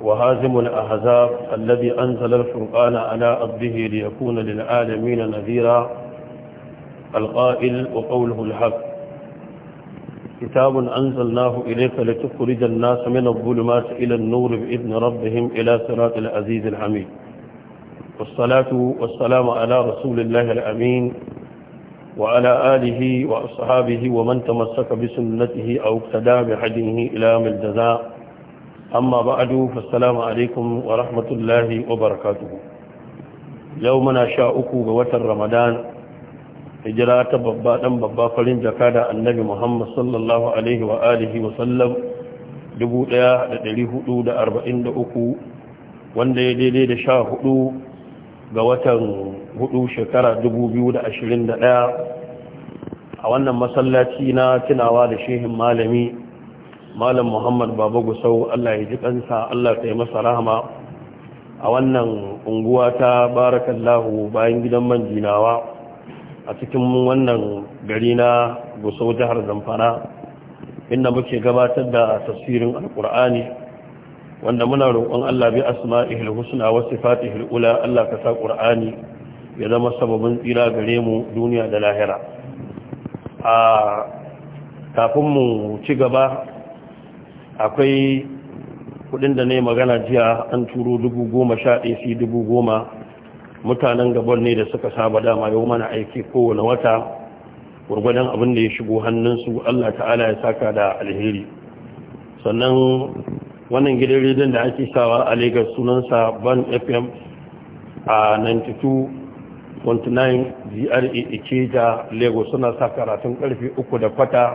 وهازم الأحزاب الذي أنزل الفرقان على أبه ليكون للعالمين نذيرا القائل وقوله الحق كتاب أنزلناه إليك لتخرج الناس من الظلمات إلى النور بإذن ربهم إلى صراط العزيز الحميد والصلاة والسلام على رسول الله الأمين وعلى آله وأصحابه ومن تمسك بسنته أو اقتدى بحجه إلى ملجزاء amma ba adu fassalamu wa rahmatullahi wa barakatuhu yau muna sha uku ga watan ramadan hijira ta babba dan babba farin jaka da annabi muhammad sallallahu alaihi wa alihi wa sallam 1443 wanda ya daidai da sha hudu ga watan hudu shekara ɗaya. a wannan masallaci na tunawa da shehin malami malam muhammad baba gusau allah ya ji kansa allah ta yi masa rahama a wannan unguwa ta barakallahu bayan gidan man jinawa a cikin wannan gari na gusau jihar zamfara inda muke gabatar da tafsirin alkur'ani wanda muna roƙon allah bi asma'ihil husna wa sifatihil ula allah ka sa ƙur'ani. ya zama sababin tsira gare mu duniya da lahira a kafin mu ci gaba akwai kudin da ne magana jiya an turo dubu goma sha ɗaya dubu goma mutanen gabon ne da suka saba dama yau mana aiki kowane wata gwargwadon abin da ya shigo hannunsu allah ta'ala ya saka da alheri sannan wannan gidan rediyon da ake sawa a lagos sunansa ban fm a 92.9 gra da lagos suna sa karatun karfe uku da kwata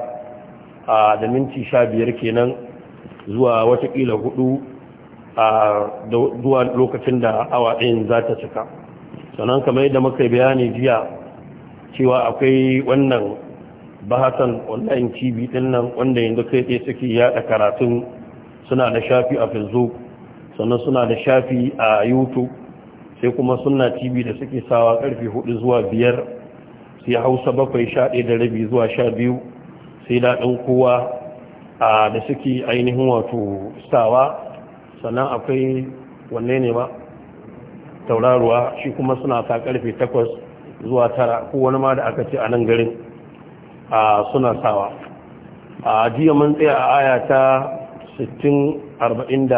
a da minti sha biyar kenan zuwa watakila hudu a zuwa lokacin da awa ɗin za ta cika sannan kamar yadda muka bayani jiya cewa akwai wannan bahasan online tv din nan wanda yanzu kai ɗaya suke yaɗa karatun suna da shafi a facebook sannan suna da shafi a youtube sai kuma suna tv da suke sawa karfe hudu zuwa biyar sai hausa bakwai sha ɗaya da rabi zuwa sha biyu sai daɗin kowa da suke ainihin wato sawa sannan akwai wanne ne ba tauraruwa shi kuma suna ta karfe takwas zuwa tara ko wani ma da aka ce a nan garin A suna sawa a jiya mun tsaya a aya ta 646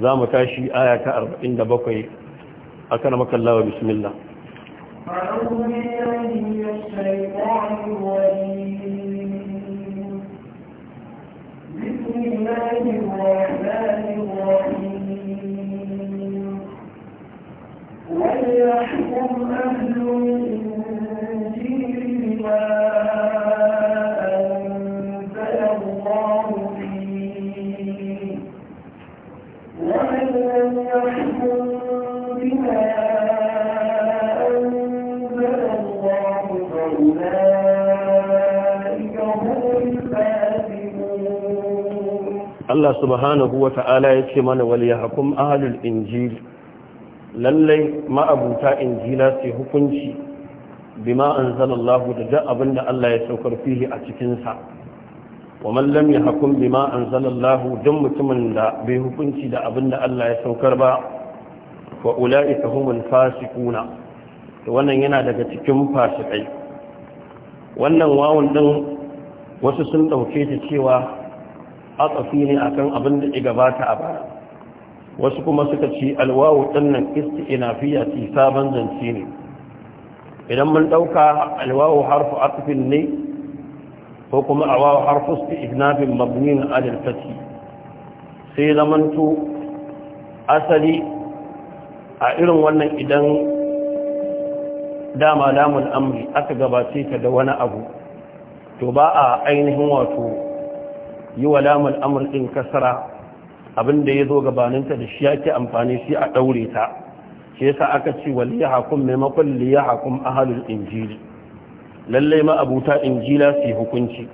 za mu tashi aya ta 47 a kan makallawa bismillah أعوذ بالله من الشيطان الرجيم الله الرحمن الرحيم وليحكم أهل الإنجيل بما Allah subhanahu wa ta'ala ya ce mana ya hakun ahlul injil lallai ma'abuta injila sai hukunci bima anzalallahu da duk abinda Allah ya saukar fihi a cikinsa. sa wa man lam yahkum bima anzalallahu dan mutumin da bai hukunci da abinda Allah ya saukar ba wa ulaika humul fasikuna, to wannan yana daga cikin fasikai wannan wawun din wasu sun ɗauke ta cewa atsafi ne akan abin da ya gabata a baya wasu kuma suka ci alwawu ina fiya ce sabon zance ne idan mun ɗauka alwawu harfu atfin ne ko kuma awawu harfu isti'nafin mabnin alal sai zamantu asali a irin wannan idan dama damun amri aka gabace ta da wani abu to ba a ainihin wato yi wa lamul amr abin da abinda zo gabaninta da shi yake amfani shi a ɗaure ta shi yasa aka ce waliyahakum maimakon liyahakum ahlul injili lalle ma abuta injila su hukunci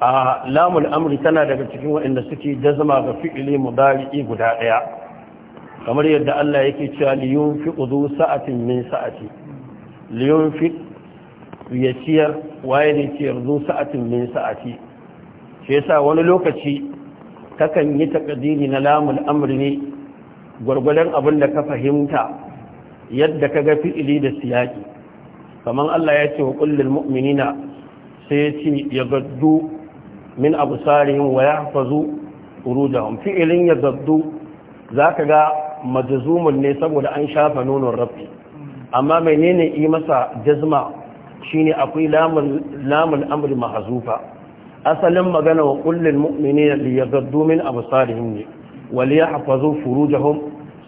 a lamul amri tana daga cikin waɗanda suke jazma ga fi'ili mudari'i guda ɗaya kamar yadda Allah yake cewa liyun fi uzu sa'atin min sa'ati liyun fi ya ciyar waye ne ciyar zu sa'atin min sa'ati shi yasa wani lokaci kakan yi takadiri na lamun amurni gwargwadon abin da ka fahimta yadda ka ga fi'ili da siyaki kamar Allah ya ce wa kullum mu'minina sai ya ce ya gaddu min abu absarihim wa da urujahum fi'ilin ya gaddu ka ga majazumun ne saboda an shafa nonon rafi amma menene yi masa jazma shine akwai lamun amur amri asalin magana wa kullin mu'minina li yaghaddu min absarihim ne wal yahfazu furujahum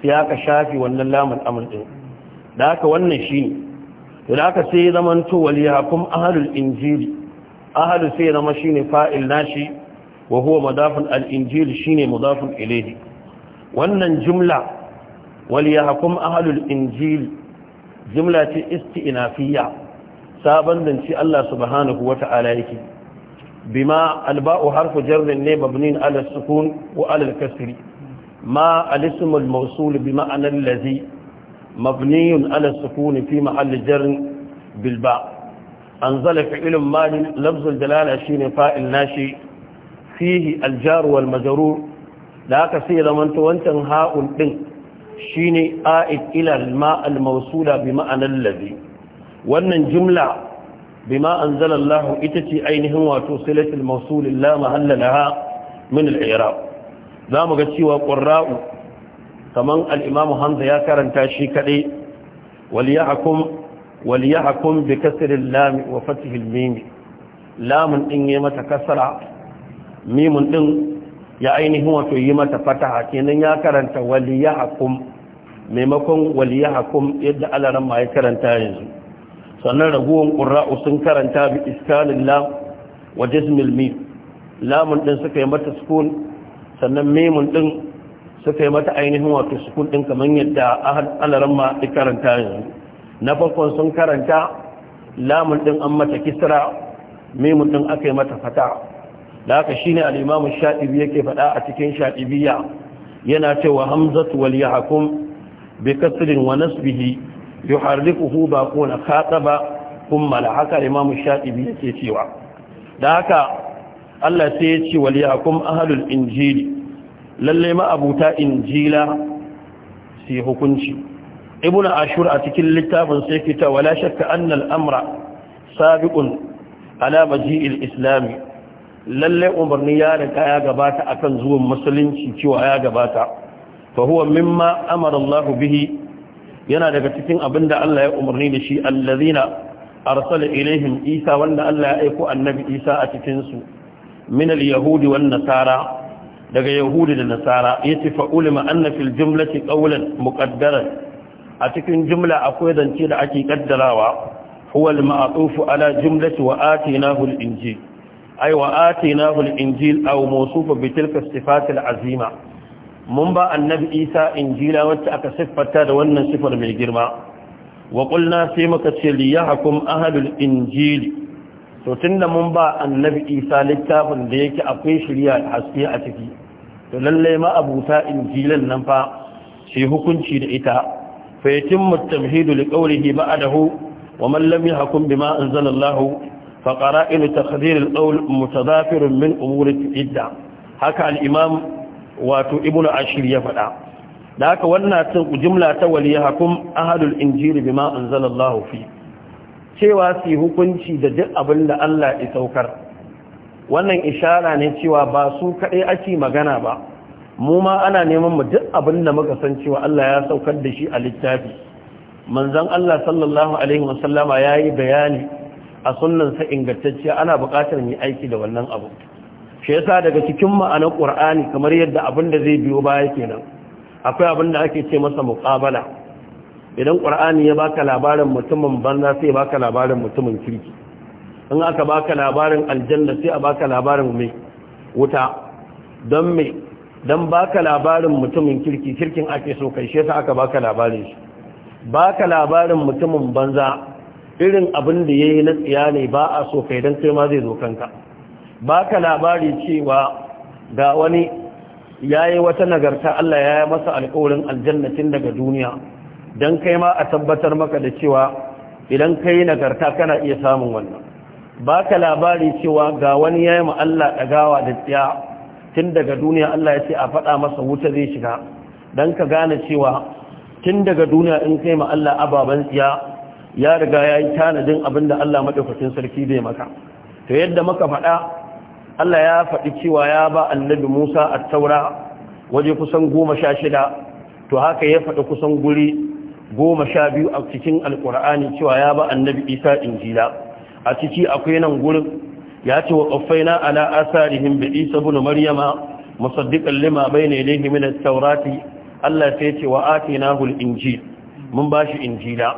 sai ka shafi wannan lamun amr din da haka wannan shine to da haka sai zaman to wal yahkum ahlul injili ahlu sai zama shine fa'il nashi wa huwa madafun Al'injili injil shine mudafun ilayhi wannan jumla wal yahkum ahlul injil jimla ce isti'nafiyya saban dan ci Allah subhanahu wata'ala yake بما الباء حرف جر مبني على السكون وعلى الكسر ما الاسم الموصول بمعنى الذي مبني على السكون في محل جر بالباء أنزل فعل مال لفظ الدلالة شين فائل ناشي فيه الجار والمجرور لا كثير من تونتن هاء الدن شين آئد إلى الماء الموصولة بمعنى الذي وأن الجملة bima anzalallahu ita ce ainihin wato silatul mawsul la mahalla min al-i'rab zamu ga cewa qurra'u Kamar al-imamu hamza ya karanta shi kadai Waliya hakun wal yahkum bi wa fath al lamun din yi mata kasra mimun ɗin ya ainihin wato yi mata fataha kenan ya karanta maimakon waliya hakun yadda alaran ma ya karanta yanzu sannan raguwan ƙura'u sun karanta bi iskanin lam wa jismil mim lamun ɗin suka yi mata sukun sannan memun ɗin suka yi mata ainihin wato sukun ɗin kamar yadda alaran ma ya karanta yanzu na farkon sun karanta lamun ɗin an mata kisra mimun ɗin aka yi mata fata da haka shi ne al'imamu sha'ibi yake faɗa a cikin sha'ibiya yana cewa hamzatu wal yahkum bi kasrin wa nasbihi yuharrikuhu baquna khataba kuma la haka imam shatibi yake cewa da haka Allah sai ya ce wal ahlul injili lalle ma abuta injila sai hukunci ibnu ashur a cikin littafin sai fita wala shakka anna al-amra sabiqun ala maji'il islami lalle umarni ya riga ya gabata akan zuwan musulunci cewa ya gabata fa huwa mimma amara Allah bihi yana daga cikin abin da Allah ya umarni da shi allazina arsala ilaihim isa wanda Allah ya aiko annabi isa a cikin su min yahudi wan nasara daga yahudi da nasara yace fa ulima anna fil jumlati qawlan muqaddaran a cikin jumla akwai zance da ake kaddarawa huwa al-ma'tuf ala jumlati wa atinahu al-injil ay wa atinahu al-injil aw mawsufa bi tilka as azima mun ba annabi isa injila wacce aka siffata da wannan siffar mai girma wa kulna sai muka ce li yahkum ahlul injili to tunda mun ba annabi isa littafin da yake akwai shirya haske a ciki to lallai ma abuta injilan nan fa shi hukunci da ita fa yatimmu at-tamhidu li qawlihi ba'dahu wa man lam yahkum bima anzala Allah fa qara'in takdir al-qawl mutadafir min umuri al-idda haka al-imam wato ibnu ashir ya faɗa da haka wannan ta jumla ta waliya hakum ahadul injiri bima anzalallahu fi cewa su hukunci da duk abin da Allah ya saukar wannan ishara ne cewa ba su kaɗai ake magana ba mu ma ana neman mu duk abin da muka san cewa Allah ya saukar da shi a littafi manzon Allah sallallahu alaihi wasallama yayi bayani a sunnansa ingantacciya ana buƙatar mu aiki da wannan abu shi yasa daga cikin ma'anar qur'ani kamar yadda abin da zai biyo baya kenan akwai abin da ake ce masa muqabala idan qur'ani ya baka labarin mutumin banza sai baka labarin mutumin kirki in aka baka labarin aljanna sai a baka labarin mai wuta don mai don baka labarin mutumin kirki kirkin ake so kai shi yasa aka baka labarin shi baka labarin mutumin banza irin abin da yayi na tsiya ne ba a so kai dan kai ma zai zo kanka Ba ka labari cewa ga wani ya yi wata nagarta Allah ya yi masa alkawarin aljannatin daga duniya don kai ma a tabbatar maka da cewa idan ka yi nagarta kana iya samun wannan Ba ka labari cewa ga wani ya yi ma Allah ɗagawa da tsiya tun daga duniya Allah ya ce a faɗa masa wuta zai shiga Don ka gane cewa tun daga duniya in kai ma Allah ababen tsiya ya riga ya yi tanadin abin da Allah maɗaukacin sarki zai maka to yadda muka faɗa Allah ya faɗi cewa ya ba annabi Musa a taura waje kusan goma sha shida to haka ya faɗi kusan guri goma sha biyu a cikin alƙur'ani cewa ya ba annabi Isa injila a ciki akwai nan gurin ya ce wa ƙafaina ala asarihim bi Isa ibn Maryama musaddiqan lima bayna yadayhi min at-taurati Allah sai ya ce wa atinahu al-injil mun bashi injila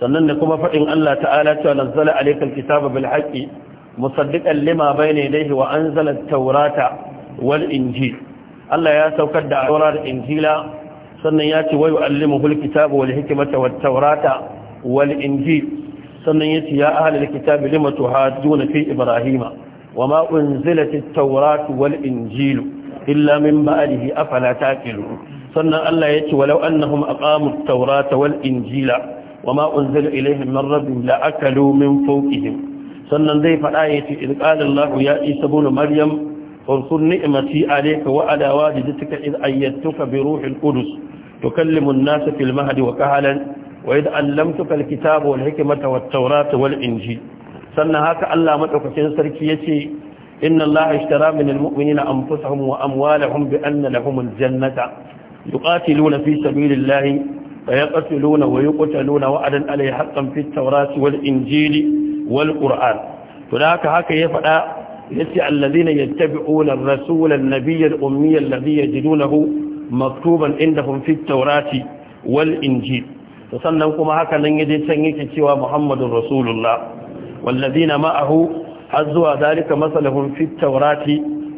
sannan da kuma faɗin Allah ta'ala ta nazzala alaykal kitaba bil haqqi musaddiqan lima bayna yadayhi wa anzala at-taurata wal Allah ya saukar da aura da injila sannan ya wai wayu allimuhul kitaba wal hikmata wat taurata wal injil sannan ya ya ahlul kitabi lima tuhaduna fi ibrahima wama unzilat at-taurat wal injil illa min ba'dihi afala taqilun sannan Allah ya ce walau annahum aqamu at-taurata wal injila wama unzila ilayhim min rabbihim la akalu min fawqihim sannan zai faɗa ya ce ilƙalin lahu ya isa bunu maryam unsur ni'mati alayka wa ala walidatika id ayyatuka bi ruhil kudus tukallimu an-nasa fil mahadi wa kahalan wa id allamtuka al-kitaba wal hikimata wa tawrata wal inji. sannan haka Allah madaukakin sarki ce inna Allah ishtara min al-mu'minina anfusahum wa amwalahum bi anna lahum al-jannata yuqatiluna fi sabilillahi فيقتلون ويقتلون وعدا عليه حقا في wal injili Walƙur'an qur'an to da haka haka ya faɗa yace allazina yattabi'una ar-rasula an-nabiyya al-ummiyya alladhi yajidunahu maktuban indahum fi at-taurati wal injil to sannan kuma haka nan yaje can yake cewa muhammadur rasulullah wallazina ma'ahu har zuwa zalika masalahum fi at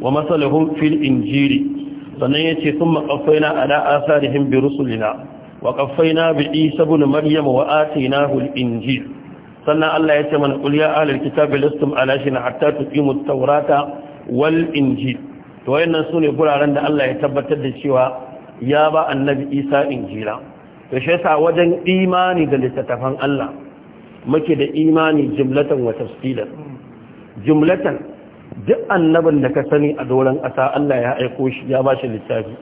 wa masalahum fil injili sannan yace thumma qaffayna ala asarihim bi rusulina وقفينا بعيسى wa مريم وآتيناه الإنجيل sannan Allah ya ce mana qul ya kitabi lastum ala shay'in hatta tuqimut tawrata wal injil to wayannan sune guraren da Allah ya tabbatar da cewa ya ba annabi Isa injila to shi yasa wajen imani da littattafan Allah muke da imani jumlatan wa tafsilan jumlatan duk annabin da ka sani a doron ƙasa Allah ya aiko shi ya ba shi littafi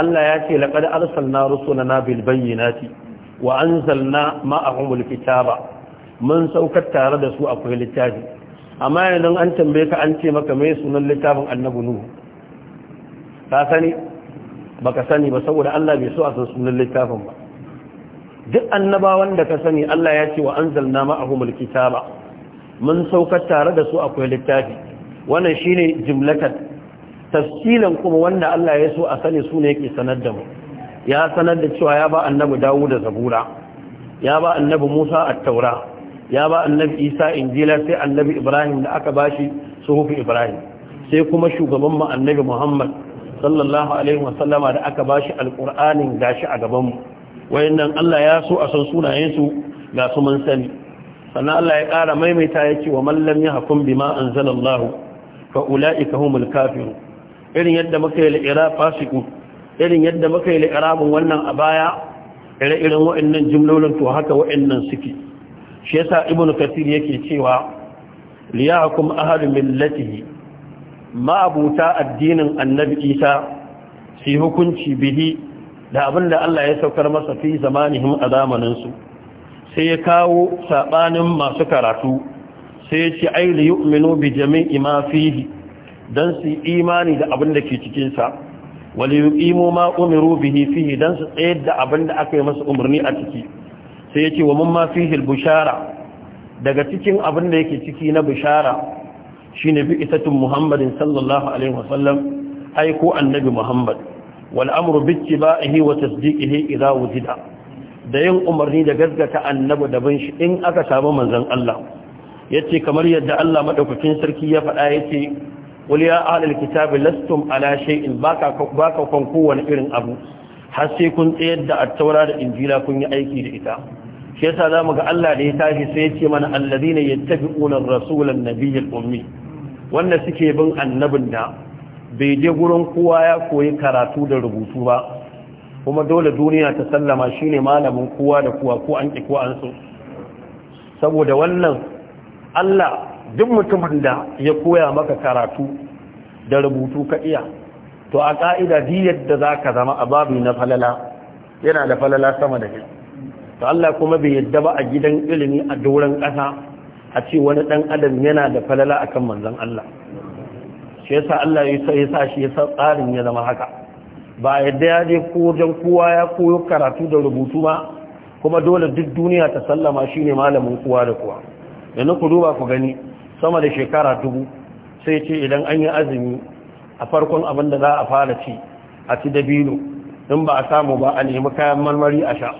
Allah ya ce laqad arsalna rusulana bil bayyinati wa anzalna ma'ahum kitaba mun saukar tare da su akwai littafi amma yanzu an tambaye ka an ce maka mai sunan littafin annabu nuhu ka sani ka sani ba saboda Allah bai so a san sunan littafin ba duk annabawan da ka sani Allah ya ce wa anzalna ma'ahumul kitaba mun saukar tare da su akwai littafi wannan shine jimlatan tafsilan kuma wanda Allah ya so a sani su ne yake sanar da mu ya sanar da cewa ya ba annabi Dawud da Zabura ya ba annabi Musa a taura ya ba annabi isa injila sai annabi ibrahim da aka bashi suhufi ibrahim sai kuma shugaban mu annabi muhammad sallallahu alaihi wasallama da aka bashi alqur'anin gashi a gaban mu wayannan Allah ya so a san sunayensu ga su mun sani sannan Allah ya ƙara maimaita ya ce wa mallam ya hakun bima anzalallahu fa ulaika humul kafirun irin yadda muka yi la'ira fasiku irin yadda muka yi la'irabun wannan a baya ire-iren wa'annan jimlolin to haka wa'annan suke shi yasa ibnu kasir yake cewa liyahkum ahadu millatihi ma abuta addinin annabi isa shi hukunci bihi da abinda Allah ya saukar masa fi zamanihim a zamanin sai ya kawo saɓanin masu karatu sai ya ce ai li yu'minu bi jami'i ma fihi dan su imani da abinda ke cikinsa, sa wal yuqimu ma umiru bihi fihi dan su tsayar da abinda aka yi masa umarni a ciki sai ya ce wa mun ma fihil bushara daga cikin abin da yake ciki na bushara shine bi isatun muhammadin sallallahu alaihi wasallam aiko annabi muhammad bicci ba bi ittiba'ihi wa tasdiqihi idza wujida da yin umarni da gaskata annabi da bin shi in aka samu manzon Allah yace kamar yadda Allah maɗaukacin sarki ya faɗa yace wal ya ahlul kitabi lastum ala shay'in baka baka kon kowane irin abu har sai kun tsayar da attaura da injila kun yi aiki da ita shi yasa zamu ga Allah da ya tashi sai ya ce mana alladhina yattabi'una ar rasulan an-nabiyyal ummi wanda suke bin annabin da bai je gurin kowa ya koyi karatu da rubutu ba kuma dole duniya ta sallama shine malamin kowa da kowa ko an ki ko an so saboda wannan Allah duk mutumin da ya koya maka karatu da rubutu ka iya to a ka'ida diyar da zaka zama a babu na falala yana da falala sama da kai to Allah kuma bai yadda ba a gidan ilimi a doron ƙasa a ce wani ɗan adam yana da falala akan manzon Allah shi yasa Allah ya sa shi ya san tsarin ya zama haka ba yadda ya je ko wajen kowa ya koyo karatu da rubutu ba kuma dole duk duniya ta sallama shine malamin kowa da kowa yanzu ku duba ku gani sama da shekara dubu sai ce idan an yi azumi a farkon abin da za a fara ci a ci dabino in ba a samu ba a nemi kayan marmari a sha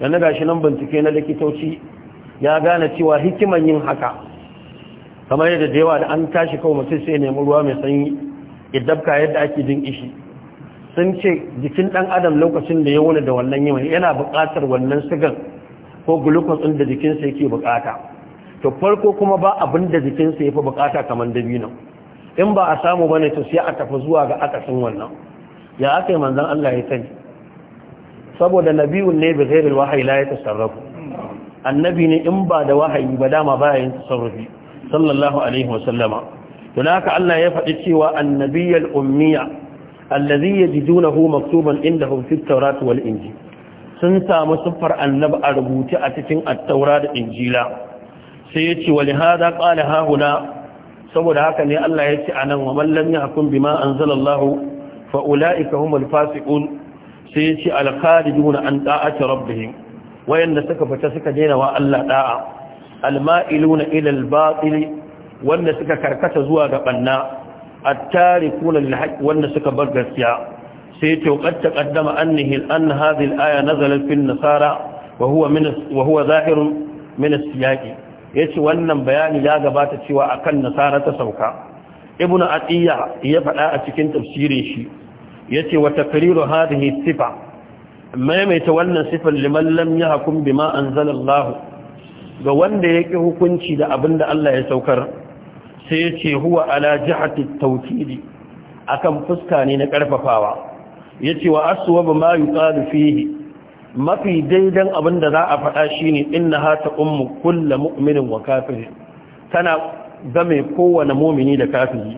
yana gashi nan bincike na likitoci ya gane cewa hikiman yin haka kamar yadda da yawa da an tashi kawai mutum sai nemi ruwa mai sanyi idabka yadda ake jin ishi sun ce jikin dan adam lokacin da ya wuni da wannan yawa yana buƙatar wannan sigan ko glucose ɗin da jikinsa yake buƙata to farko kuma ba abin da jikinsa ya fi buƙata kamar dabino in ba a samu bane to sai a tafi zuwa ga akasin wannan ya aka yi manzon Allah ya sani saboda nabiyun ne bi ghairil wahayi la yatasarrafu annabi ne in ba da wahayi ba dama ba yin tasarrufi sallallahu alaihi wasallama Tuna ka Allah ya faɗi cewa annabiyal ummiya allazi hu maktuban indahum fit tawrat wal inji. sun samu siffar annabi a rubuce a cikin attaura da injila sai ya ce wani hada ƙala hahuna saboda haka ne Allah ya ce a nan wa mallam ya hakun anzalallahu ma an zalallahu fa'ula'ika fasi'un sai ya ce alkharijun an ɗa'ace rabbihim wayanda suka fita suka daina wa Allah da'a almailuna ila albatil wanda suka karkata zuwa ga banna attarikuna lilhaq wanda suka bar gaskiya sai to qad taqaddama annahi an hadhihi alaya nazalat fil nasara wa huwa min wa huwa zahirun min as yace wannan bayani ya gabata cewa akan nasara ta sauka ibnu atiya ya faɗa a cikin tafsirin shi yace wa takriru hadhihi sifa maimaita wannan sifan liman lam yahkum bima zanallahu. ga wanda ya ƙi hukunci da abinda Allah ya saukar sai yace huwa ala jihati a kan fuska ne na karfafawa ce, wa aswab ma yuqalu fihi mafi daidan abin da za a faɗa shine innaha hata ummu kullu mu'minin wa kafirin tana game kowane mumini da kafiri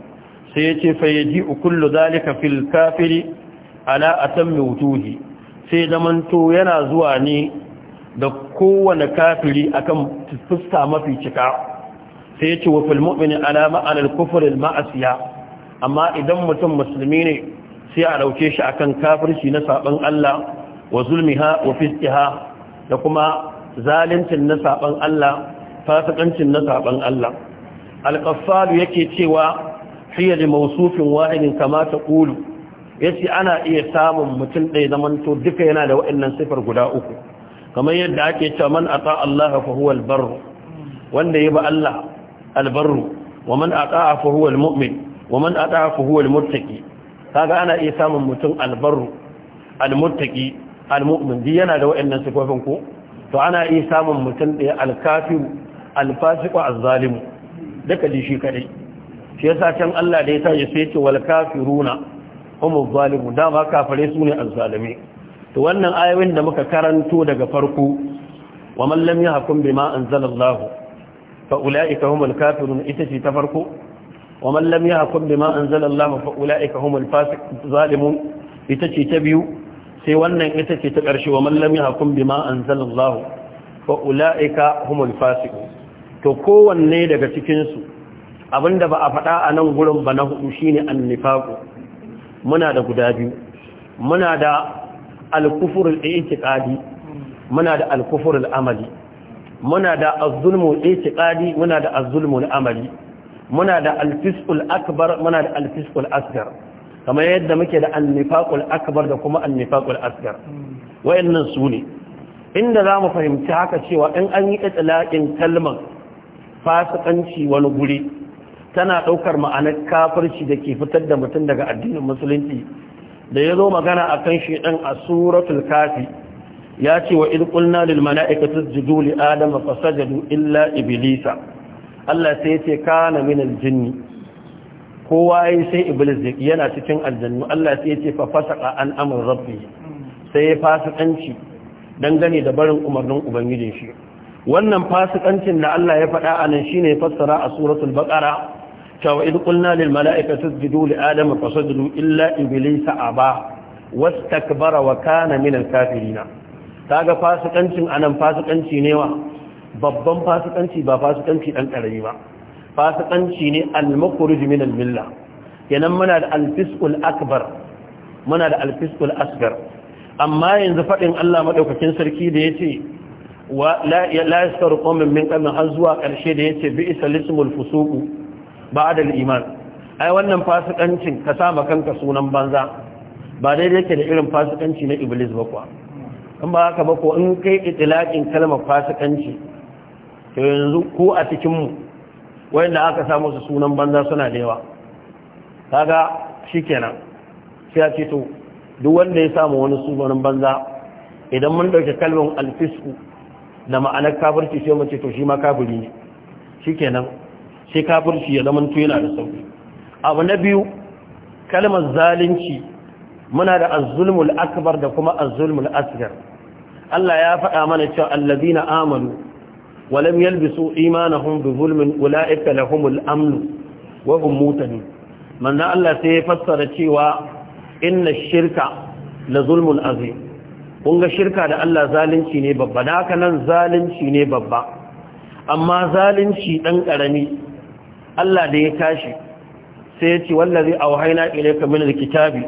sai ya ce fayyaji ukullu zalika fil kafiri ala atammi wutuhi sai zamanto yana zuwa ne da kowane kafiri akan fuska mafi cika sai ya ce wa fil mu'mini ala ma'anar kufurin ma'asiya amma idan mutum musulmi ne sai a ɗauke shi akan kafirci na saɓan Allah wa zulmiha wa da kuma zalincin na saɓan Allah fasikancin na saɓan Allah alƙafalu yake cewa fiye da mausufin wahidin kama ta ƙulu ya ce ana iya samun mutum ɗaya zamanto duka yana da waɗannan sifar guda uku kamar yadda ake cewa man ata Allah fa albarru wanda ya ba Allah albarru wa man ata fa huwa almu'min wa man ata fa huwa almuttaqi kaga ana iya samun mutum albarru almuttaqi almu'min di yana da waɗannan sifofin ko to ana iya samun mutum ɗaya alkafiru alfasiqu azzalimu duka da shi kadai shi yasa can Allah da ya sa ya sai ce wal kafiruna hum zalimu da ma kafare su ne azzalimi to wannan ayoyin da muka karanto daga farko wa man lam yahkum bima anzalallahu fa ulaika humul kafirun ita ce ta farko wa man lam yahkum bima anzalallahu fa ulaika humul fasiqun zalimun ita ce ta biyu sai wannan ita ce ta ƙarshe wa man lam yahkum bima anzalallahu fa ulaika humul fasiqun to kowanne daga cikin su abinda ba a faɗa a nan gurin ba na hudu shine annifaku muna da guda biyu muna da al-kufurin alkufurul i'tiqadi muna da al alkufurul amali muna da az-zulmul i'tiqadi muna da az-zulmul amali muna da al-fisqul akbar muna da al-fisqul asghar kamar yadda muke da annifaqul akbar da kuma annifaqul asghar wayannan su ne inda zamu fahimci haka cewa in an yi itlaqin kalmar fasikanci wani guri tana ɗaukar ma'anar kafirci da ke fitar da mutum daga addinin musulunci da ya zo magana a kan shaidan a suratul kafi ya ce wa ilkulna lil mala'ikatu sujudu li adama fasajadu illa iblisa Allah sai ce kana min aljinni kowa yayi sai iblis yana cikin aljannu Allah sai ce fa an amr rabbi sai ya fasikanci dangane da barin umarnin ubangijin shi wannan fasikancin da Allah ya faɗa a nan shine fassara a suratul bakara? cewa idan kulna lil mala'ika tasjudu li adam fa sajadu illa iblis aba wastakbara wa kana min al kafirin kaga fasikancin anan fasikanci ne wa babban fasikanci ba fasikanci dan karami ba fasikanci ne al makhruj min al milla kenan muna da al fisqul akbar muna da al fisqul amma yanzu fadin Allah madaukakin sarki da yace wa la yasfaru qawmin min qamin har zuwa karshe da yace bi isalismul fusuqu ba'ad iman ai wannan fasikancin ka sa ma kanka sunan banza ba daidai yake da irin fasikanci na iblis ba kuwa in ba haka ba ko in kai itilakin kalmar fasikanci to yanzu ko a cikin mu wanda aka samu su sunan banza suna da yawa kaga shikenan sai a ce to duk wanda ya samu wani sunan banza idan mun dauke kalmar alfisku da ma'anar kafirci sai mu ce to shi ma kafiri ne shikenan sai kafirci ya zamanto tuyana da sauki abu na biyu kalmar zalunci muna da azulmul akbar da kuma azulmul asgar Allah ya faɗa mana cewa allazina amanu wa lam yalbisu imanahum bi zulmin ulaika lahumul amn wa hum mutadun manzo Allah sai ya fassara cewa inna shirka la zulmun azim Kunga shirka da Allah zalunci ne babba da haka nan zalunci ne babba amma zalunci dan karami Allah da ya tashi sai ya ce wallazi auhayna ilayka min alkitabi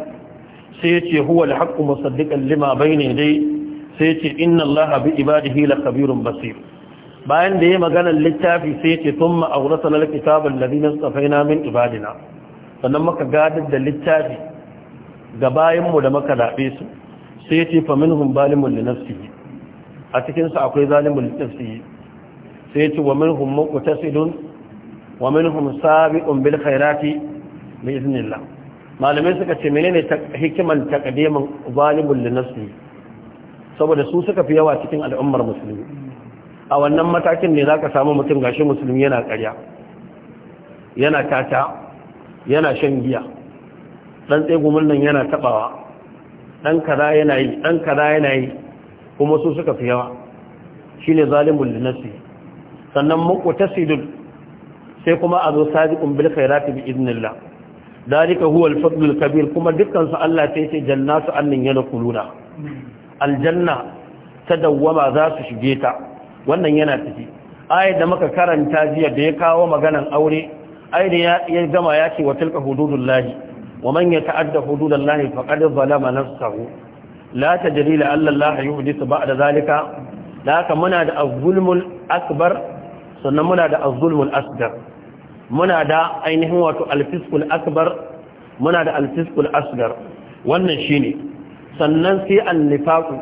sai ya ce huwa alhaqqu musaddiqan lima bayna dai sai ya ce inna bi ibadihi lakabirun basir bayan da ya magana littafi sai ya ce thumma awrasna alkitaba alladhina istafaina min ibadina sannan muka gadar da littafi ga bayanmu da muka zabe su sai ya ce faminhum zalimun li nafsihi a cikin su akwai zalimun li nafsihi sai ya ce wa minhum muqtasidun wa minhum sabiqun bil khairati bi iznillah malamai suka ce menene hikiman taqdimin zalibul saboda su suka fi yawa cikin al'ummar musulmi a wannan matakin ne zaka samu mutum gashi musulmi yana karya, yana tata yana shan giya dan tsegumin nan yana tabawa dan kaza yana yi kaza yana yi kuma su suka fi yawa shine zalimul linafsi sannan sidul sai kuma a zo sabiqun bil khairati bi idnillah dalika huwa al fadlul kabir kuma dukkan su Allah sai ce jannatu annin yadkhuluna aljanna tadawwama za su shige ta wannan yana tafi ayat da muka karanta jiya da ya kawo maganan aure ai da ya gama ya ce wa tilka hududullahi wa man yata'adda hududallahi faqad zalama nafsahu la tajri la alla Allah yuhdithu ba'da zalika da haka muna da az-zulmul akbar sannan muna da az-zulmul asghar muna da ainihin wato alfiskul akbar muna da alfiskul asgar wannan shi ne, sannan sai annifaqu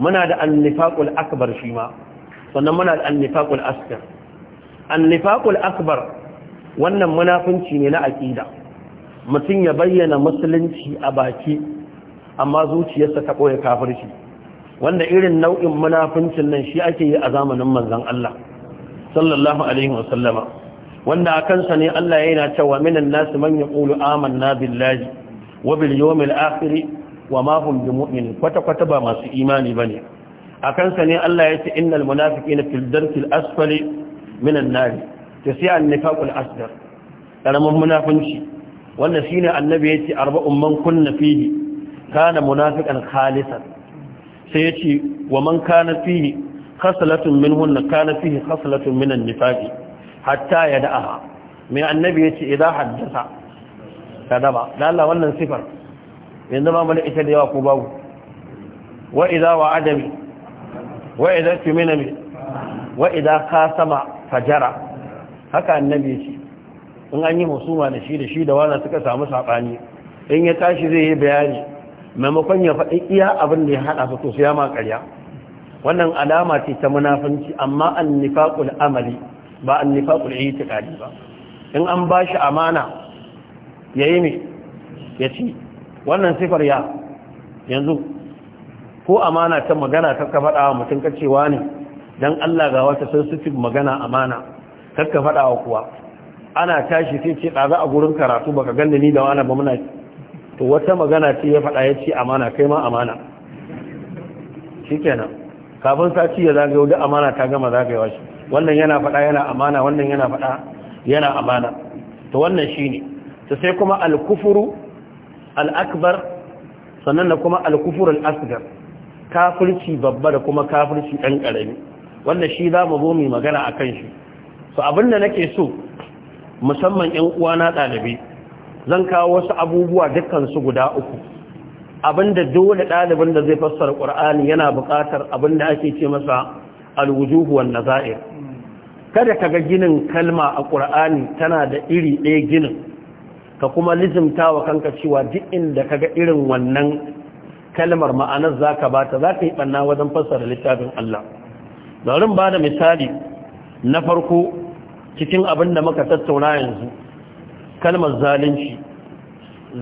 muna da annifaqul akbar shi ma sannan muna da annifaqul asgar annifaqul akbar wannan munafunci ne na aƙida, mutum ya bayyana musulunci a baki amma zuciyarsa ta koya kafirci wanda irin nau'in munafuncin nan shi ake yi a zamanin manzon Allah sallallahu alaihi sallama. wanda a kansa ne Allah yana cewa minan nasu man yaqulu amanna billahi wa bil yawmil akhir wa ma hum bimu'min kwata kwata ba masu imani bane a kansa ne Allah ya ce innal munafiqina fil darkil asfali minan nar tasi'a an-nifaqul asghar karaman munafinci wannan shine annabi ya yace arba'un man kunna fihi kana munafiqan khalisan sai ya ce, wa man kana fihi khaslatun minhun kana fihi khaslatun minan nifaqi hatta ya da'aha. mai annabi ya ce idan haddasa ta daba lalla wannan sifar yanzu ma mana ita da yawa ko babu wa idan wa adami wa idan mi. wa idan ka sama fajara haka annabi ya ce in an yi musuma da shi da shi da wani suka samu saɓani in ya tashi zai yi bayani maimakon ya faɗi iya abin da ya haɗa su to su ya ma ƙarya wannan alama ce ta munafanci amma an nifaƙul amali ba an ta ƙari ba in an ba shi amana ya yi ne ya ci wannan sifar ya yanzu ko amana ta magana ta faɗa wa mutum kacewa ne don Allah ga wata sensitive magana amana ta faɗa wa kuwa ana tashi sai ce ɗaza a gurin karatu baka ganni ni da wani ba muna to wata magana ce ya faɗa ya ce amana kai ma amana kenan, kafin sati ya zagayo da amana ta gama zagayewa shi wannan yana faɗa yana amana wannan yana faɗa yana amana to wannan ne. Ta sai kuma al-kufru al-akbar sannan da kuma al-kufru kafirci babba da kuma kafirci ɗan ƙarami. wannan shi za mu zo mu magana akan shi so abinda nake so musamman ƴan uwana ɗalibi zan kawo wasu abubuwa dukansu guda uku abinda dole ɗalibin da zai fassara ƙur'ani yana buƙatar abinda ake ce masa alwujuhu wan nazair kada ka ga ginin kalma a ƙur'ani tana da iri ɗaya ginin ka kuma lizimta wa kanka cewa duk inda ka ga irin wannan kalmar ma'anar za ka ba ta za ka yi ɓanna wajen fassara littafin Allah daurin ba da misali na farko cikin abin da muka tattauna yanzu kalmar zalunci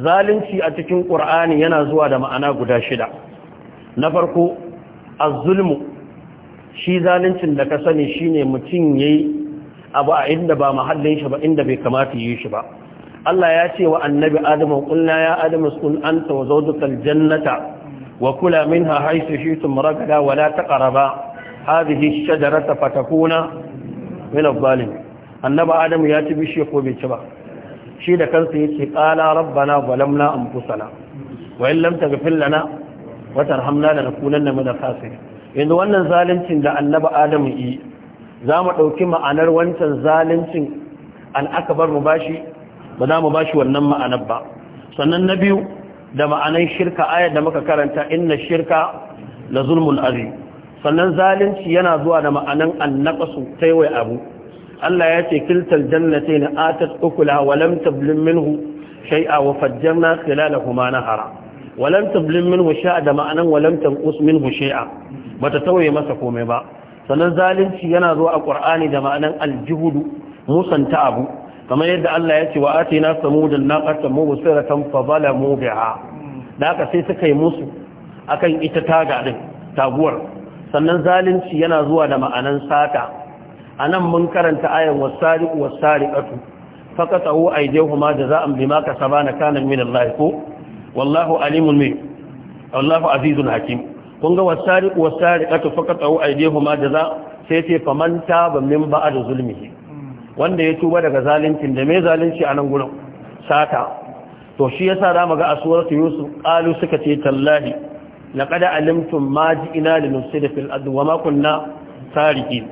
zalunci a cikin ƙur'ani yana zuwa da ma'ana guda shida na farko az-zulmu shi zaluncin da ka sani shine mutum yi abu a inda ba mahallin shi ba inda bai kamata yi shi ba Allah ya ce wa annabi Adamu qulna ya Adamu kun anta wa dukkan jannata wa kula minha haythu shi'tum ragada wa la ƙaraba, hadhihi ash-shajarata fatakuna min adh-dhalimin annabi Adamu ya ci bishiya ko bai ci ba shi da kansa yake qala rabbana zalamna anfusana wa in lam taghfir lana wa tarhamna lanakunanna min al-khasirin yanzu wannan zaluncin da annaba adamu yi za mu ɗauki ma'anar wancan zaluncin al'akabar mu bashi ba za mu bashi wannan ma'anar ba sannan na biyu da ma'anar shirka ayar da muka karanta inna shirka la zulmul azim sannan zalunci yana zuwa da ma'anar annaqasu wa abu Allah ya ce kiltal jannatin atat ukula wa lam tablim minhu shay'a wa fajjarna nahara wa lam tablim minhu sha'a da ma'anar wa lam tanqus minhu bata tauye masa komai ba sannan zalunci yana zuwa a qur'ani da ma'anan aljuhudu musanta abu kamar yadda Allah ya ce wa atina samudan naqatan mubsiratan fa zalamu biha da haka sai suka yi musu akan ita taga din taguwar sannan zalunci yana zuwa da ma'anan sata anan mun karanta ayan wasariqu wasariqatu faqatahu aydihuma jazaan bima kasabana kana min ko wallahu alimun min wallahu azizun hakim kun ga wasari wasari ƙatu fakata wa aidehu ma za, sai ce famanta ba min ba da zulmi wanda ya tuba daga zalincin da mai zalunci a nan gurin sata to shi ya sa zama ga a suratu yusuf ƙalu suka ce tallahi na ƙada alimtun ma ji ina da nufsi da fil'adu makon na tariki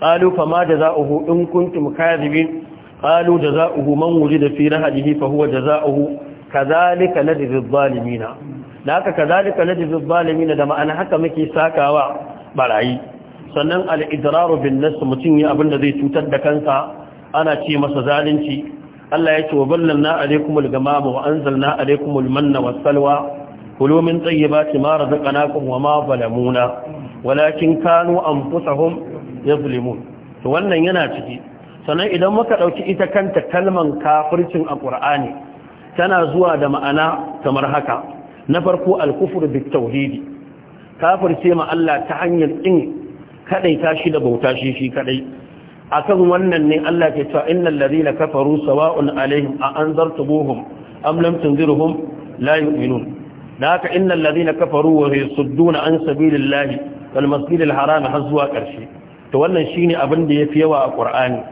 ƙalu fa ma jaza uhu in kuntu mukazibi ƙalu jaza uhu man wuri da fi rahadihi fa da jaza uhu ka zalika na zalimina da haka kazalika najzul zalimin da ma'ana haka muke sakawa barayi sannan al-idraru bin nas mutum ya abinda zai cutar da kansa ana ce masa zalunci Allah ya ce wa ballanna alaykumul gamama wa anzalna alaykumul manna was salwa kulu min tayyibati ma razaqnakum wa ma zalamuna walakin kanu anfusahum yazlimun to wannan yana ciki sannan idan muka ɗauki ita kanta kalman kafircin a Ƙur'ani, tana zuwa da ma'ana kamar haka na farko alkufur bit tauhidi kafirce ma Allah ta hanyar din kadai tashi da bauta shi shi kadai akan wannan ne Allah ke cewa innal ladina kafaru sawa'un alaihim a anzartuhum am lam tunzirhum la yu'minun da haka innal ladina kafaru wa yasudduna an sabilillahi wal masjidil haram har zuwa karshe to wannan shine abin da yafi yawa a Qur'ani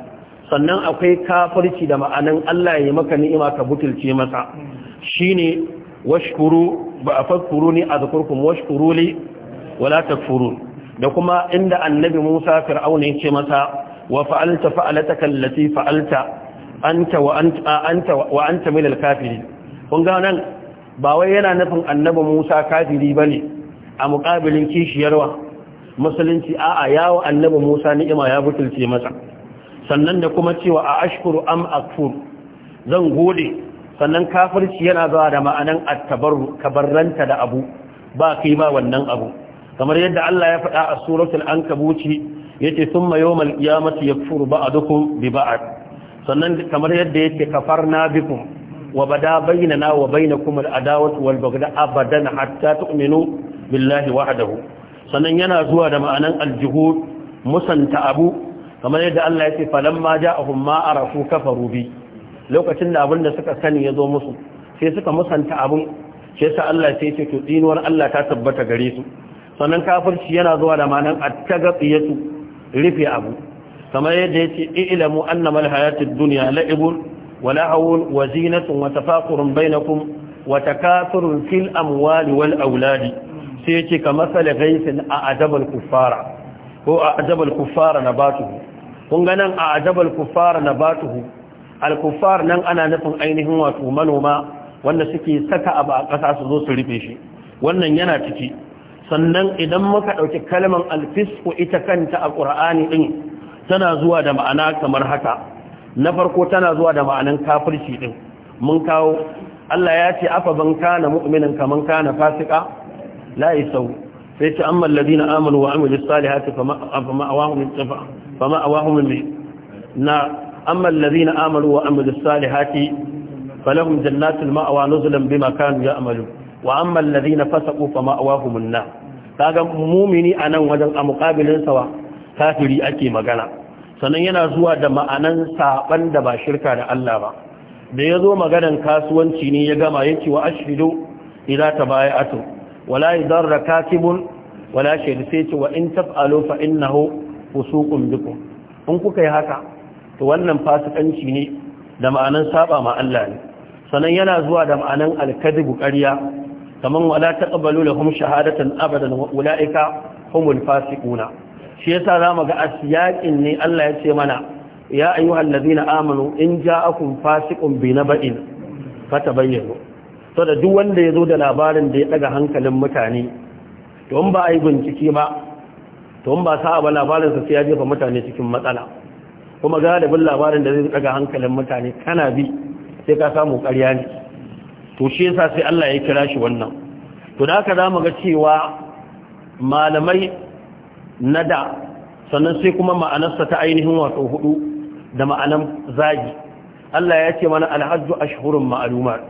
sannan akwai kafirci da ma'anan Allah ya maka ni'ima ka butulce masa shine washkuru ba a fadkuru ni a zakurkum washkuru ne wala takfurun da kuma inda annabi Musa Fir'auna ce masa wa fa'alta fa'alataka allati fa'alta wa anta anta anta kun ga nan ba wai yana nufin annabi Musa kafiri ne a mukabilin kishiyarwa musulunci a'a yawo annabi Musa ni'ima ya butulce masa sannan da kuma cewa a ashkuru am akfur zan gode sannan kafirci yana zuwa da ma'anan attabaru kabarranta da abu ba kai ba wannan abu kamar yadda Allah ya faɗa a suratul ankabuci yace thumma yawmal qiyamati yakfuru ba'dukum bi ba'd sannan kamar yadda yake kafarna bikum wa bada bainana wa bainakum al wal baghdha abadan hatta tu'minu billahi wahdahu sannan yana zuwa da ma'anan al musanta abu kamar yadda Allah yace falamma ja'ahum ma arafu kafaru bi lokacin da abin da suka sani ya zo musu sai suka musanta abin shi yasa Allah sai ce to dinuwar Allah ta tabbata gare su sannan kafirci yana zuwa da ma'anar su rufe abu kamar yadda yace ilamu annama alhayatud dunya la'ibun wa lahawun wa zinatun wa tafaqurun bainakum wa takathurun fil amwali wal auladi sai yace kamar salghaisin a adabal kuffara ko a adabal kuffara nabatuhu kun ganan a adabal kuffara nabatuhu al nan ana nufin ainihin wato manoma wanda suke saka abu a ƙasa su zo su rufe shi wannan yana ciki sannan idan muka ɗauki kalmar alfisku ita kanta a ƙura'ani ɗin tana zuwa da ma'ana kamar haka na farko tana zuwa da ma'anan kafirci ɗin mun kawo Allah ya ce afa ban kana mu'minin kaman kana fasika la yasau sai ce amma alladhina amanu wa amilus salihati fama awahum min na أما الذين آمنوا وعملوا الصالحات فلهم جنات المأوى نزلا بما كانوا يعملون وأما الذين فسقوا فمأواهم النار kaga mumini anan wajen a mukabilin sawa kafiri ake magana sannan yana zuwa da ma'anan saban da ba shirka da Allah ba da yazo maganan kasuwanci ne ya gama yake wa ashhidu idza tabaya'atu wala yadarra katibun wala shayd sai ce wa in taf'alu fa innahu fusuqun bikum in kuka yi haka to wannan fasikanci ne da ma'anan saba ma Allah ne Sanan yana zuwa da ma'anan alkadibu ƙarya kaman wala taqbalu lahum shahadatan abadan wa ulaika humul fasiquna shi yasa zamu ga asiyakin ne Allah ya ce mana ya ayyuhal ladina amanu in ja'akum fasiqun bi naba'in fatabayyanu to da duk wanda yazo da labarin da ya daga hankalin mutane to in ba ai bincike ba to in ba sa ba labarin sa sai ya jefa mutane cikin matsala kuma galibin labarin da zai daga hankalin mutane kana bi sai ka samu ƙarya ne to shi yasa sai Allah ya kira shi wannan to da haka zamu ga cewa malamai na da sannan sai kuma ma'anarsa ta ainihin wato hudu da ma'anan zagi Allah ya ce mana alhajju ashhurun ma'lumat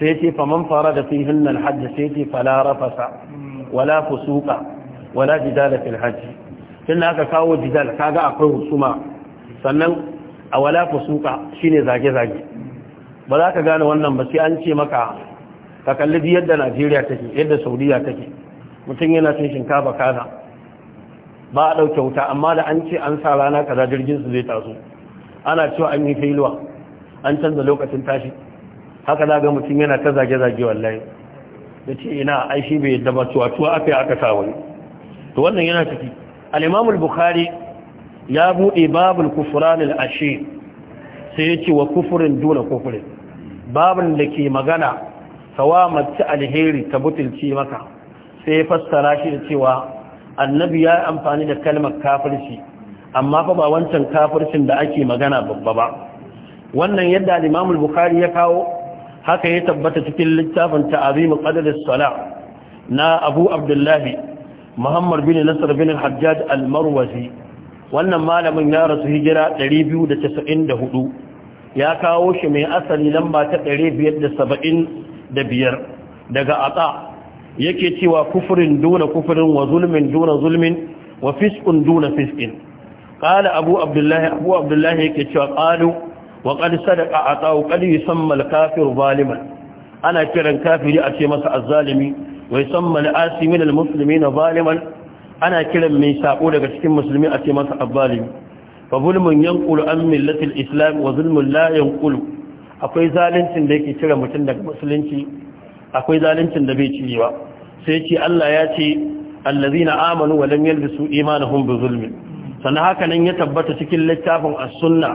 sai ya ce faman fara da fihinna alhajj sai ya ce fala rafasa wala fusuka wala jidala fil hajj tunda aka kawo jidal kaga akwai husuma sannan a wala fusuka ne zage-zage ba za ka gane wannan ba sai an ce maka ka kalli yadda najeriya take yadda saudiya take mutum yana cin shinkafa kaza ba a ɗauke wuta amma da an ce an sa rana kaza jirgin su zai taso ana cewa an yi failuwa an canza lokacin tashi haka za ga mutum yana ta zage-zage wallahi da ce ina ai shi bai yadda ba tuwa tuwa aka yi aka sa wani to wannan yana ciki al-imamul bukhari ya buɗe babul kufuranin ashe sai ya ce wa kufurin duna kufurin babin da ke magana kawa mace alheri ta butulci maka sai ya fassara shi da cewa annabi ya amfani da kalmar kafirci amma fa ba wancan kafircin da ake magana babba ba wannan yadda al bukhari ya kawo haka ya tabbata cikin littafin ta'zim qadar as-salah na Abu Abdullahi, Muhammad bin nasar bin hajjaj al-Marwazi wannan malamin ya rasu hijira 294 ya kawo shi mai asali lamba ta 575 daga ata yake cewa kufurin duna kufurin wa zulmin duna zulmin wa fiskun duna fiskin qala abu abdullahi abu abdullahi yake cewa qalu wa qad sadaqa ata wa qad yusamma al-kafiru zaliman ana kiran kafiri a ce masa azzalimi wa yusamma al-asimi lil muslimina zaliman ana kiran mai sabo daga cikin musulmi a ce masa abbalimi fa zulmun yanqulu an millatil islam wa zulmun la yanqulu akwai zaluncin da yake cire mutum daga musulunci akwai zaluncin da bai cirewa sai ce Allah ya ce allazina amanu wa lam yalbisu imanuhum bi zulmin sannan haka nan ya tabbata cikin littafin as-sunna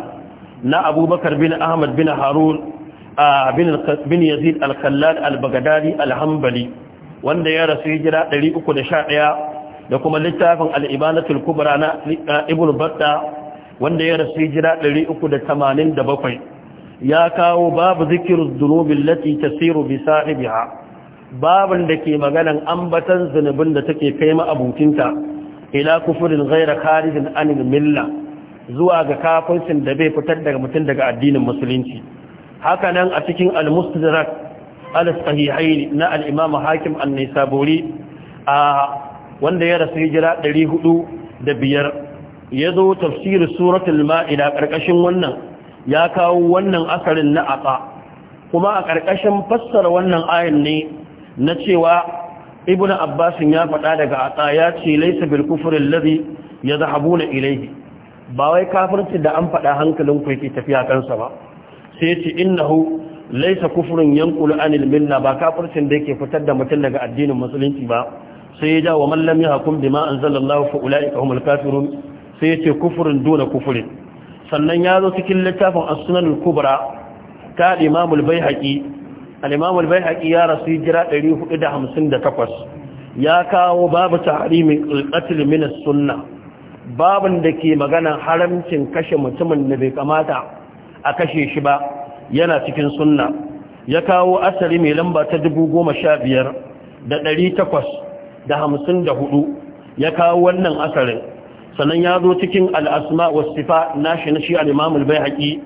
na abubakar bin ahmad bin harun bin yazid al-kallal al-baghdadi al-hanbali wanda ya rasu hijira 311 da kuma littafin al'ibanatul kubra na ibn batta wanda ya rasu jira 387 ya kawo babu zikirin zunubin lati tasiru bisa sahibiha babin da ke maganan ambatan zunubin da take a abokinta, ila kufurin gaira karijin anil milla zuwa ga kafincin da bai fitar daga mutum daga addinin musulunci hakanan a cikin al-mustadrak al-sahihaini na al-imam hakim an-nisaburi a wanda ya rasu hijira ɗari hudu da biyar ya zo tafsiri suratul ma'ida ƙarƙashin wannan ya kawo wannan asarin na aƙa kuma a ƙarƙashin fassara wannan ayin ne na cewa ibn abbasin ya faɗa daga aƙa ya ce laisa bil kufurin lazi ya zahabu ilaihi ba wai kafirci da an faɗa hankalin ku yake tafiya kansa ba sai ce innahu laisa kufurin yankulu anil milla ba kafircin da yake fitar da mutum daga addinin musulunci ba sai ya ja wa man lam yahkum bima anzalallahu fa ulaika humul kafirun sai yace kufrun duna kufrin sannan ya zo cikin littafin as-sunan al-kubra ta imam al-baihaqi al-imam al-baihaqi ya rasu jira 458 ya kawo babu tahrimi al-qatl min as-sunnah da ke magana haramcin kashe mutumin da bai kamata a kashe shi ba yana cikin sunna ya kawo asali mai lamba ta dubu goma sha biyar da ɗari takwas da hamsin da hudu ya kawo wannan asarin sannan ya zo cikin al'asma wa sifa na shi na shi al'imamul bai haƙi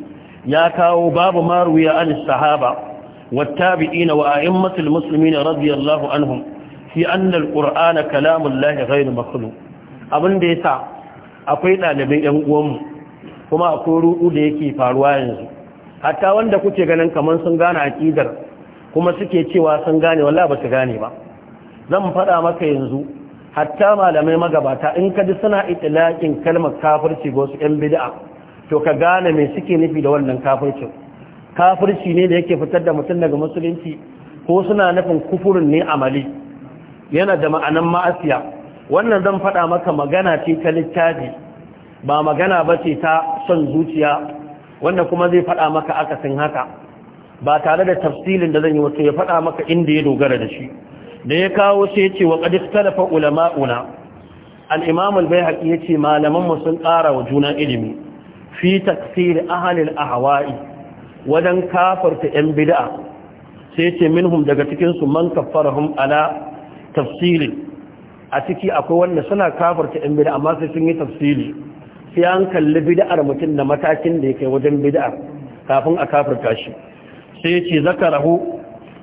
ya kawo babu ya an sahaba والتابعين musulmi المسلمين رضي الله anhu في أن القرآن kalamun الله غير makulu abin da ya sa akwai ɗalibin 'yan uwanmu kuma akwai ruɗu da yake faruwa yanzu hatta wanda kuke ganin kamar sun gane aƙidar kuma suke cewa sun gane wala ba su gane ba zan faɗa maka yanzu hatta malamai magabata in ka ji suna itilakin kalmar kafirci ga wasu ‘yan bid'a to ka gane me suke nufi da wannan kafircin kafirci ne da yake fitar da mutum daga musulunci ko suna nufin kufurin ne amali yana da ma'anan ma'asiya wannan zan faɗa maka magana ce ta littafi ba magana ba ce ta son zuciya wanda kuma zai faɗa maka akasin haka ba tare da tafsilin da zan yi wato ya faɗa maka inda ya dogara da shi da ya kawo sai ce wa qad ikhtalafa ulama'una al-imam al-bayhaqi ya ce malamanmu sun ƙara wa juna ilimi fi taksir ahli a Hawaii wajen kafarta yan bida'a. sai ce minhum daga cikin su man kaffarahum ala tafsili a ciki akwai wanda suna kafarta yan bida'a amma sai sun yi tafsili sai an kalli bida'ar mutum da matakin da ya kai wajen bida'ar kafin a kafarta shi sai ce zakarahu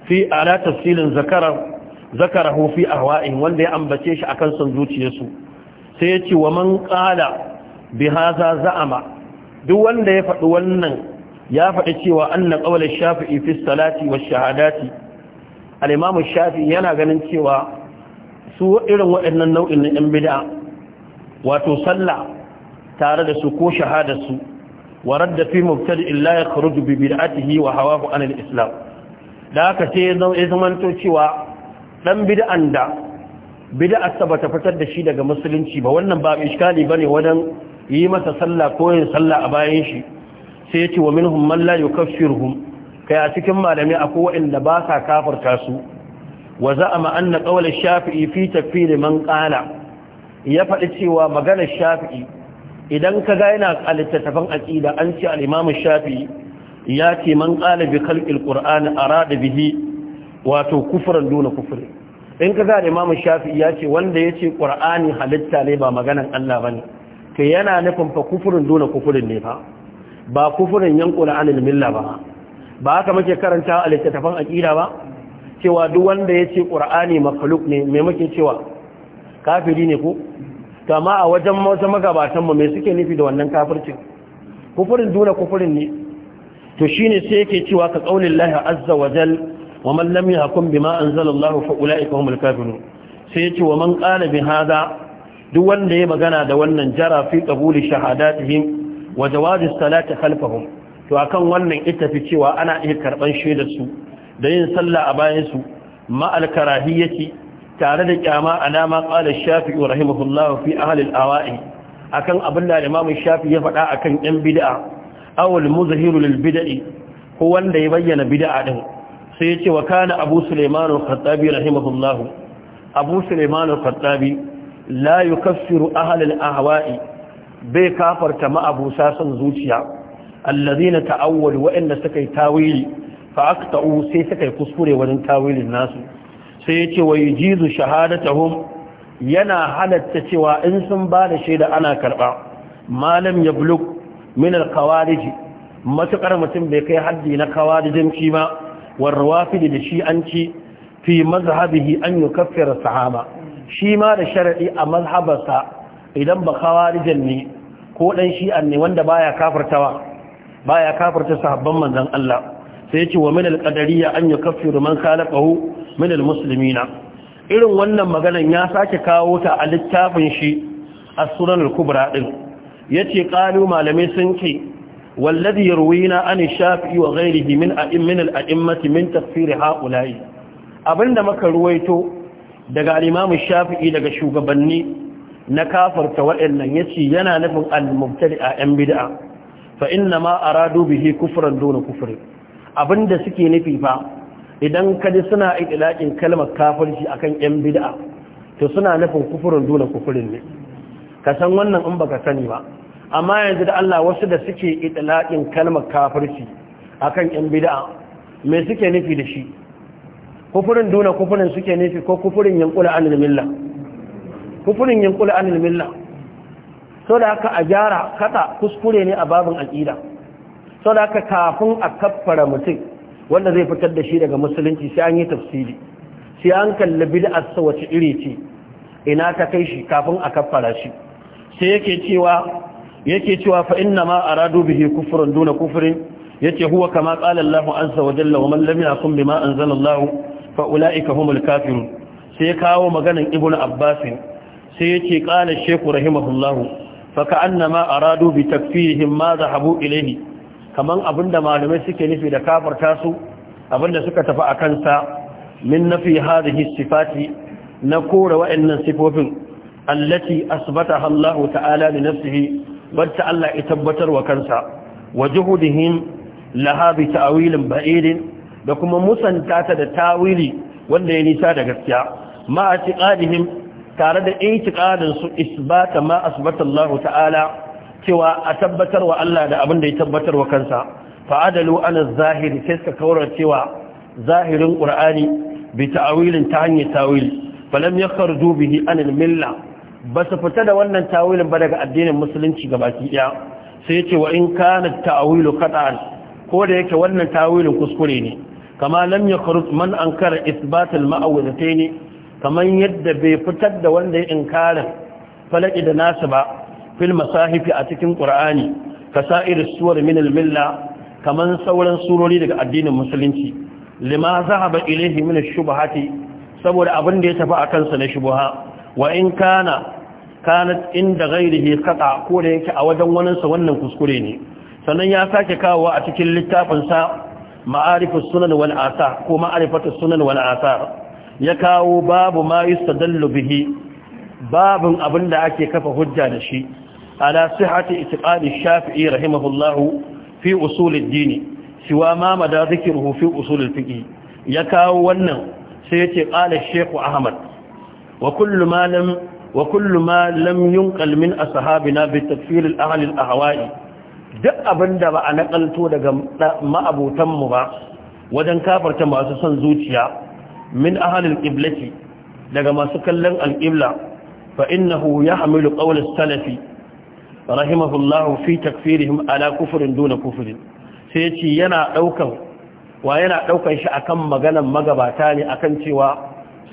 fi ala tafsirin zakarar. zakarahu a ahwa'in wanda ya ambace shi akan son zuciyarsu sai ya ce wa man ƙala bi za'ama duk wanda ya faɗi wannan ya faɗi cewa anna qawl shafi'i fi salati wa shahadati alimamin shafi yana ganin cewa su irin waɗannan nau'in ɗan bid'a wato sallah tare da su ko shahadar su ورد في مبتدئ لا يخرج ببدعته وهواه عن الإسلام ذاك سيدنا ya zama cewa. dan bid'an da bid'arsa bata fitar da shi daga musulunci ba wannan ba iskali bane wadan yi masa sallah ko yin sallah a bayan shi sai yace wa minhum man la yukaffiruhum kai a cikin malami akwai wanda ba sa kafirta su wa za'ama anna qawl ash-shafi'i fi takfir man qala ya faɗi cewa maganar shafi'i idan ka ga yana alittafan aqida an ce al-imam shafi'i ya ce man qala bi khalqi al-qur'an arada bihi wato kufuran duna kufuri in ka gane imamu shafi ya ce wanda ya ce ƙur'ani halitta ne ba maganan Allah ba ne to yana nufin fa kufurin duna kufurin ne fa ba kufurin yan ƙur'anin milla ba ba haka muke karanta a littattafan aƙida ba cewa duk wanda ya ce ƙur'ani makhluk ne mai muke cewa kafiri ne ko kama a wajen wasu magabatan mu me suke nufi da wannan kafircin kufurin duna kufurin ne to shine sai yake cewa ka qaulin Allah azza wa jalla wa man lam yahkum bima anzalallahu fa ulaika humul kafirun sai yace wa man qala bi hada duk wanda ya magana da wannan jara fi qabuli shahadatihim wa jawazi salati khalfahum to akan wannan ita fi cewa ana iya karban shaidar su da yin sallah a bayan su ma al karahiyati tare da kyama alama qala shafi'i rahimahullahu fi ahli al awai akan abin da Imam Shafi ya faɗa akan yan bid'a awal muzhiru lil bid'i ko wanda ya bayyana bid'a din sai ya ce wa kana abu suleiman al-khattabi rahimahullah abu Suleimanu al la yukaffiru ahli al-ahwa'i bai kafarta ma'abusa san zuciya alladhina ta'awwalu ta'awar inna suka yi tawili fa ta'u sai suka yi kuskure wajen tawilin nasu sai ya ce wa yujizu shahadatahum yana halatta cewa in sun ba da shaida ana karɓa. malam ya buluk min kawariji khawarij matukar mutum bai kai haddi na khawarijin ba warwafidi da shi an ci fi mazhabihi an yukaffira sahaba shi ma da sharadi a mazhabarsa idan ba khawarijan ne ko dan shi'an ne wanda baya kafirtawa baya kafirta sahabban manzon Allah sai yace wa min ya qadariyya an yukaffiru man khalaqahu min al-muslimina irin wannan maganan ya sake kawo ta a littafin shi a sunan al-kubra din yace qalu malamai sun ce والذي يروينا عن الشافعي min من ائم من الائمه من تفسير هؤلاء abinda maka ruwaito daga al-Imam Shafi'i daga shugabanni na kafarta waɗannan yace yana nufin al a 'yan bid'a fa inna ma aradu bihi kufran duna kufri abinda suke nufi fa idan kaji suna idlakin kalmar kafirci akan 'yan bida'a to suna nufin kufran duna kufrin ne ka san wannan in baka sani ba amma yanzu da Allah wasu da suke itlaqin kalmar kafirci kan yan bid'a mai suke nufi da shi kufurin duna kufurin suke nufi ko kufurin yankula an milla kufurin yankula an milla so da haka a gyara kata kuskure ne a babin al’ida so da haka kafin a kaffara mutum wanda zai fitar da shi daga musulunci sai an yi tafsiri sai an kalli bid'ar wace iri ce ina ta kai shi kafin a kaffara shi sai yake cewa yake cewa fa inna ma aradu bihi kufran duna kufrin yace huwa kama qala Allah azza wa jalla wa man lam yakum bima anzala Allah fa ulaika humul kafirun sai kawo maganan ibnu abbas sai yace qala shaykh rahimahullah fa ka'annama aradu bi takfirihim ma zahabu ilayhi kaman abinda malamai suke nufi da kafarta su abinda suka tafi akan sa min nafi hadhihi sifati na kore wa'annan sifofin allati asbataha Allah ta'ala li nafsihi wacce Allah ya tabbatar wa kansa wa juhudihim laha bi ta'wilin ba'idin da kuma musanta ta da tawili wanda ya nisa da gaskiya ma atiqadihim tare da itiqadin su isbata ma asbata Allah ta'ala cewa a tabbatar wa Allah da abin da ya tabbatar wa kansa fa adalu zahiri sai suka kaura cewa zahirin qur'ani bi ta'wilin ta hanyar tawili falam yakhruju bihi anil milla ba su fita da wannan tawilin ba daga addinin musulunci ga baki ɗaya sai ce wa in kana ta'awilu qat'an ko da yake wannan tawilin kuskure ne kama lam yakhruj man ankara ithbat al ne? Kamar yadda bai fitar da wanda ya inkara falaki da nasu ba fil masahifi a cikin qur'ani kasa'ir suwar min al-milla kaman sauran surori daga addinin musulunci lima zahaba ilayhi min ash-shubahati saboda abin da ya tafi akan sa na shubuha wa in kana kanat inda ghairihi ko da yake a wajen wannan sa wannan kuskure ne sannan ya sake kawo a cikin littafin sa sunan wal ko ma'arifatus sunan wal asa, ya kawo babu ma yustadallu bihi babun abinda ake kafa hujja da shi ala sihhati itiqadi shafi'i rahimahullahu fi usul din siwa ma mada fi usul ya kawo wannan sai yace qala shaykh ahmad wa kullu ma lam wa kullu ma lam yunqal min ashabina da ahli ahwa'i duk ba a naƙalto daga ma'abutan mu ba wajen kafarta masu son zuciya min ahalin al daga masu kallon al fa innahu yahmilu qawl ƙaunar salafi rahimahullahu fi takfirihim ala kufurin duna kufurin, sai yace yana ɗaukan wa yana daukan shi akan maganan magabata ne akan cewa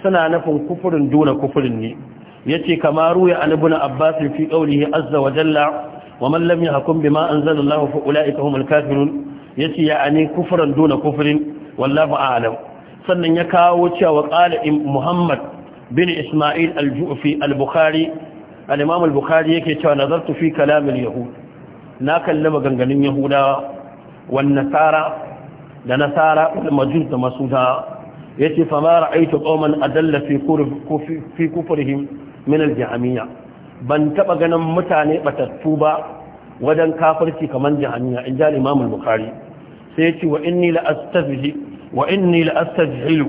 suna nufin kufurin duna kufurin ne yace kama ruya an ibn abbas fi qawlihi azza wa jalla wa man lam yahkum bima anzala allah fa ulaika humul kafirun yace ya'ani kufurin duna kufrin wallahu a'lam sannan ya kawo cewa qala muhammad bin isma'il al-ju'fi al-bukhari al-imam al-bukhari yake cewa nazartu fi kalam al-yahud na kalli ganganin yahudawa wan nasara da nasara da majus da masudawa. yace fa ma ra'aytu qauman adalla fi kufri fi kufrihim min al-jahmiyya ban taba ganin mutane batattu ba wajen kafirci kamar jahmiyya in ja Imam al-Bukhari sai yace wa inni la astafhi wa inni la astajhilu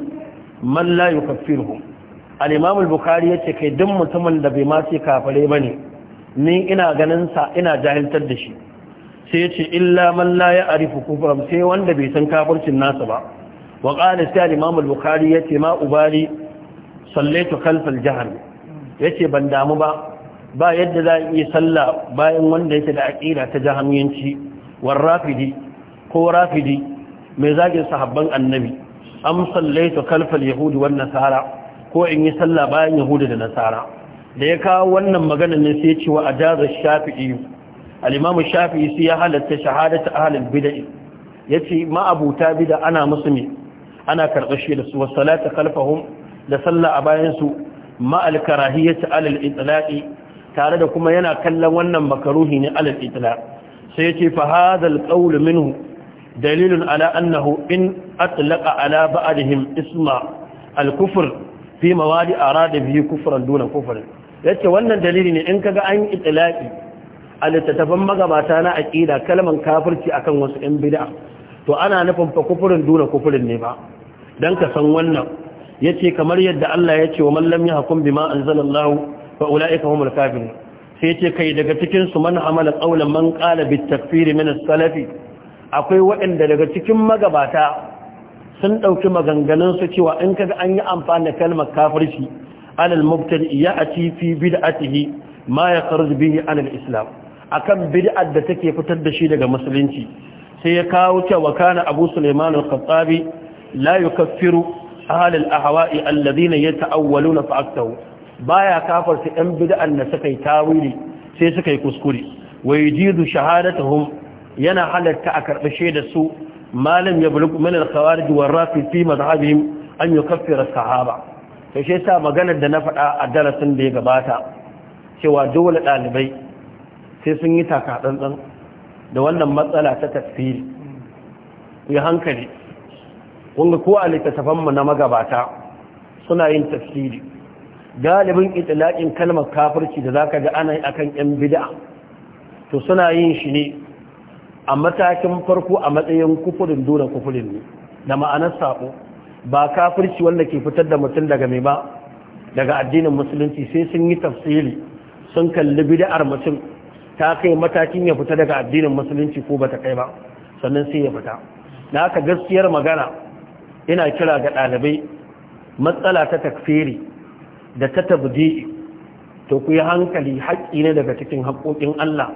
man la yukaffiruhum al-Imam al-Bukhari yace kai duk mutumin da bai ma ce kafare bane ni ina ganin sa ina jahiltar da shi sai yace illa man la ya'rifu kufram sai wanda bai san kafircin nasa ba wa qala sai al-imam al-bukhari yace ma ubali sallaitu khalf al-jahr yace ban damu ba ba yadda za a yi sallah bayan wanda yake da aqida ta jahamiyanci war rafidi ko rafidi mai zagin sahabban annabi am sallaitu khalf al-yahud nasara ko in yi sallah bayan Yahudu da nasara da ya kawo wannan magana ne sai ya ce wa ajaza shafi'i al-imam shafi'i sai ya halatta shahadatu ahlul bid'ah yace ma abuta bid'a ana musulmi ana karɓar shi da su wasalata kalfahum da sallah a bayansu su ma'al karahiyyati alal itlaqi tare da kuma yana kallon wannan makaruhi ne alal itlaq sai yace fa hadal qawl minhu dalilun ala annahu in atlaqa ala ba'dihim isma al fi mawadi arada bihi kufran duna Ya ce wannan dalili ne in kaga an itlaqi a littattafan magabata na aƙida kalman kafirci akan wasu 'yan bida to ana nufin fa kufurin duna kufurin ne ba dan ka san wannan yace kamar yadda Allah ya ce wa man lam yahkum bima anzalallahu fa ulaika humul kafirun sai yace kai daga cikin su man amala qawlan man qala bit mana min salafi akwai waɗanda daga cikin magabata sun ɗauki maganganunsu cewa in kaga an yi amfani da kalmar kafirci alal mubtadi ya ati fi bid'atihi ma ya kharju bihi an islam akan bid'ar da take fitar da shi daga musulunci sai ya kawo cewa kana Abu Sulaiman al-Khattabi la yukaffiru ahlul ahwa'i alladhina yata'awwaluna fa'aktahu baya kafarta ɗan bid'an da suka yi tawili sai suka yi kuskure wa yujidu shahadatuhum yana halatta a karɓi da su malam ya bulugu min al-khawarij wa rafi fi madhhabihim an yukaffira sahaba to shi yasa maganar da na faɗa a darasin da ya gabata cewa dole ɗalibai sai sun yi taka tsantsan da wannan matsala ta tafsiri ya hankali kunga ko a littattafanmu na magabata suna yin tafsiri galibin itilakin kalmar kafirci da za ka ga ana akan ‘yan bida to suna yin shi ne a matakin farko a matsayin kufurin dora kufurin ne da ma'anar saƙo ba kafirci wanda ke fitar da mutum daga mai ba daga addinin musulunci sai sun yi tafsiri sun kalli bida'ar mutum ta kai matakin ya fita daga addinin musulunci ko bata kai ba sannan sai ya fita na haka gaskiyar magana ina kira ga ɗalibai matsala ta takfiri da ta tabdi to ku yi hankali haƙƙi ne daga cikin haƙƙoƙin Allah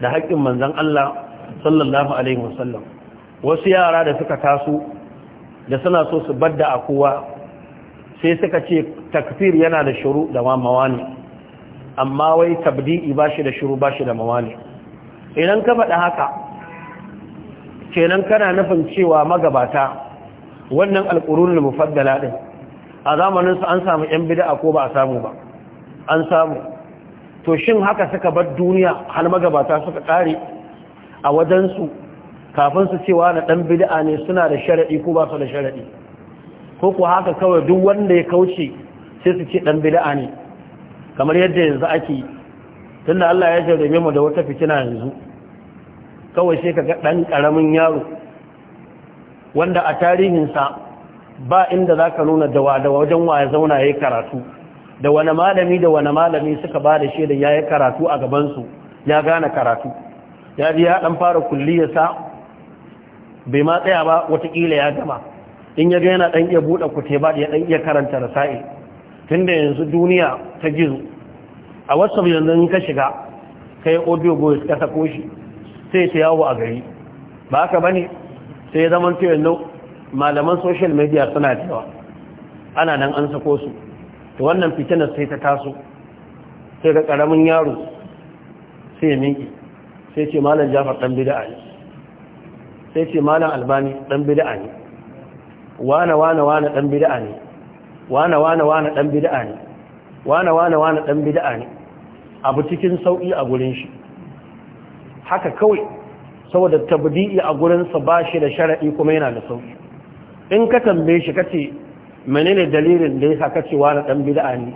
da haƙƙin manzon Allah sallallahu alaihi wasallam wasu yara da suka taso da suna so su badda a kowa sai suka ce takfir yana da shuru da mawani, amma wai tabdi'i ba shi da shuru ba shi da mawani idan ka faɗa haka kenan kana nufin cewa magabata wannan alƙurunin mufaddala ɗin a zamanin su an samu yan bid'a ko ba a samu ba an samu to shin haka suka bar duniya har magabata suka kare a wajen su kafin su cewa na dan bid'a ne suna da sharaɗi ko ba su da shar'i ko ku haka kawai duk wanda ya kauce sai su ce dan bid'a ne kamar yadda yanzu ake tunda Allah ya jarrabe mu da wata fitina yanzu kawai sai ga ɗan karamin yaro wanda a tarihinsa ba inda za ka nuna da wajen waya zauna ya yi karatu da wani malami da wani malami suka ba da shaida ya yi karatu a gabansu ya gane karatu ya ji ya ɗan fara sa bai ma tsaya ba watakila ya gama in ya ga yana ɗan iya buɗe kute ba ya ɗan iya karanta rasa'i tun da yanzu duniya ta gizo a wasu yanzu in ka shiga kai yi audio goyi ka sako shi sai ta yawo a gari ba haka bane sai zaman to yanzu malaman social media suna cewa ana nan an sako su to wannan fitinar sai ta taso sai ga karamin yaro sai ya minki sai ce malam jafar dan bid'a ne sai ce malam albani dan bid'a ne wana wana wana dan bid'a ne wana wana wana dan bid'a ne wana wana wana dan bid'a ne abu cikin sauki a gurin shi haka kawai saboda tabdi'i a gurinsa ba shi da shara'i kuma yana da sauki in ka tambaye shi kace menene dalilin da yasa kace na dan bid'a ne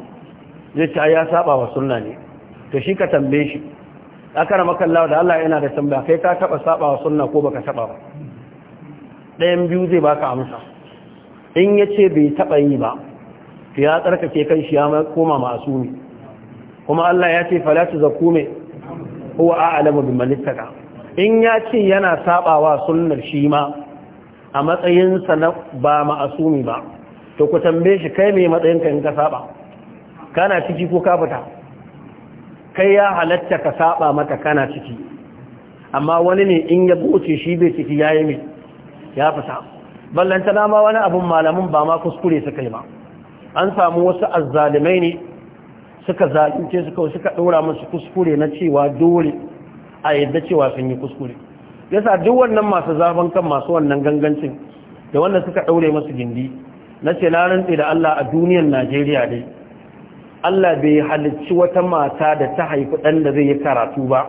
zai ce ya saba wa sunna ne to shi ka tambaye shi akara makallawa da Allah yana da tambaya kai ka taba saba wa sunna ko baka taba ba ɗayan biyu zai baka amsa in yace bai taba yi ba to ya tsarkake kan shi ya koma masumi kuma Allah ya ce fala tuzakku me huwa a'lamu bimman in ya ce yana sabawa sunnar shi ma a matsayinsa na ba ma'asumi ba to ku tambaye shi kai mai matsayinka in ka saba kana ciki ko ka fita kai ya halatta ka saba mata kana ciki amma wani ne in ya goce shi bai ciki yayi mai ya fita ballanta dama wani abun malamin ba ma kuskure suka yi ba an samu wasu azzalimai ne suka zalunce suka suka dora musu kuskure na cewa dole a yadda cewa sun yi kuskure yasa duk wannan masu zafin kan masu wannan gangancin da wanda suka ɗaure masu gindi na ce na rantse da Allah a duniyar Najeriya dai Allah bai halicci wata mata da ta haifi ɗan da zai yi karatu ba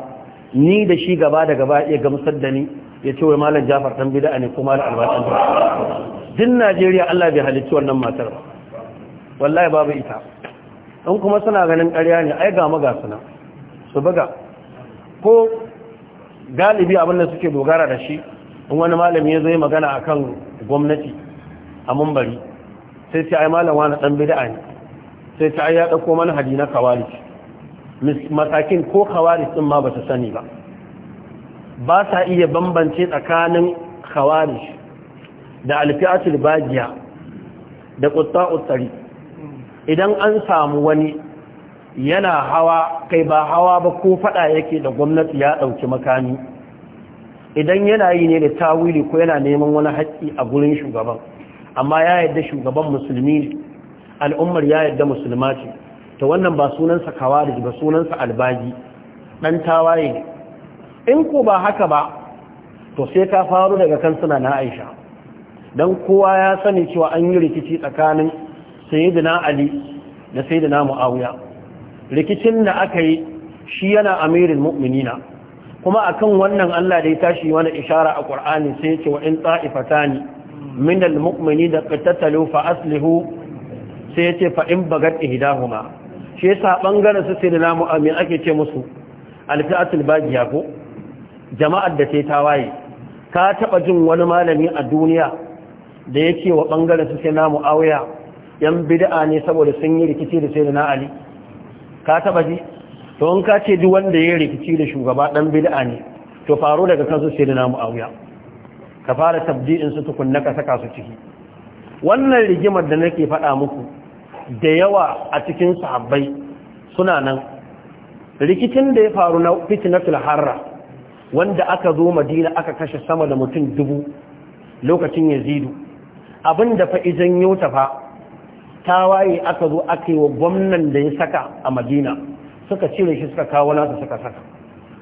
ni da shi gaba da gaba iya gamsar da ni ya ce wai malam Jafar dan bid'a ne kuma da ba din Najeriya Allah bai halicci wannan matar ba wallahi babu ita in kuma suna ganin ƙarya ne ai ga maga suna su buga ko galibi abin da suke dogara da shi in wani malami ya zai magana a kan gwamnati a mumbari sai ce ai malam wani dan bida'a ne sai ce ai ya dauko mana hadi na kawari matakin ko kawaris ɗin ma ba su sani ba ba sa iya bambance tsakanin kawaris da alfi'atul bajiya da qutta'ut idan an samu wani yana hawa kai ba hawa ba ko fada yake da gwamnati ya dauki makami idan yana yi ne da tawili ko yana neman wani haƙƙi a gurin shugaban amma ya yadda shugaban musulmi al'ummar ya yadda musulma ce ta wannan ba sunansa kawarij ba sunansa albaji dan tawaye in ko ba haka ba to sai ka faru daga suna na Aisha dan kowa ya sani cewa an yi rikici tsakanin sayyidina Ali da sayyidina Muawiya rikicin da aka yi shi yana amirin mu'minina kuma akan wannan Allah da ya tashi wani ishara a Qur'ani sai ya ce wa in ta'ifatani min al-mu'mini da qatatalu fa aslihu sai ya ce fa in bagat ihdahuma shi yasa bangaren su sai da namu amin ake ce musu al-fi'atul bagiya ko jama'ar da ta waye ka taba jin wani malami a duniya da yake wa bangaren su sai namu awaya yan bid'a ne saboda sun yi rikici da sai da na Ali ka taba ji to in ka ce duk wanda ya rikici da shugaba dan bid'a ne to faru daga kansu sai na muawiya ka fara tabdi'in su tukunna ka saka su ciki wannan rigimar da nake faɗa muku da yawa a cikin sahabbai suna nan rikicin da ya faru na fitnatul harra wanda aka zo madina aka kashe sama da mutum dubu lokacin yazidu abinda fa idan yota fa tawaye aka zo aka yi wa gwamnan da ya saka a madina suka cire shi suka kawo nasa suka saka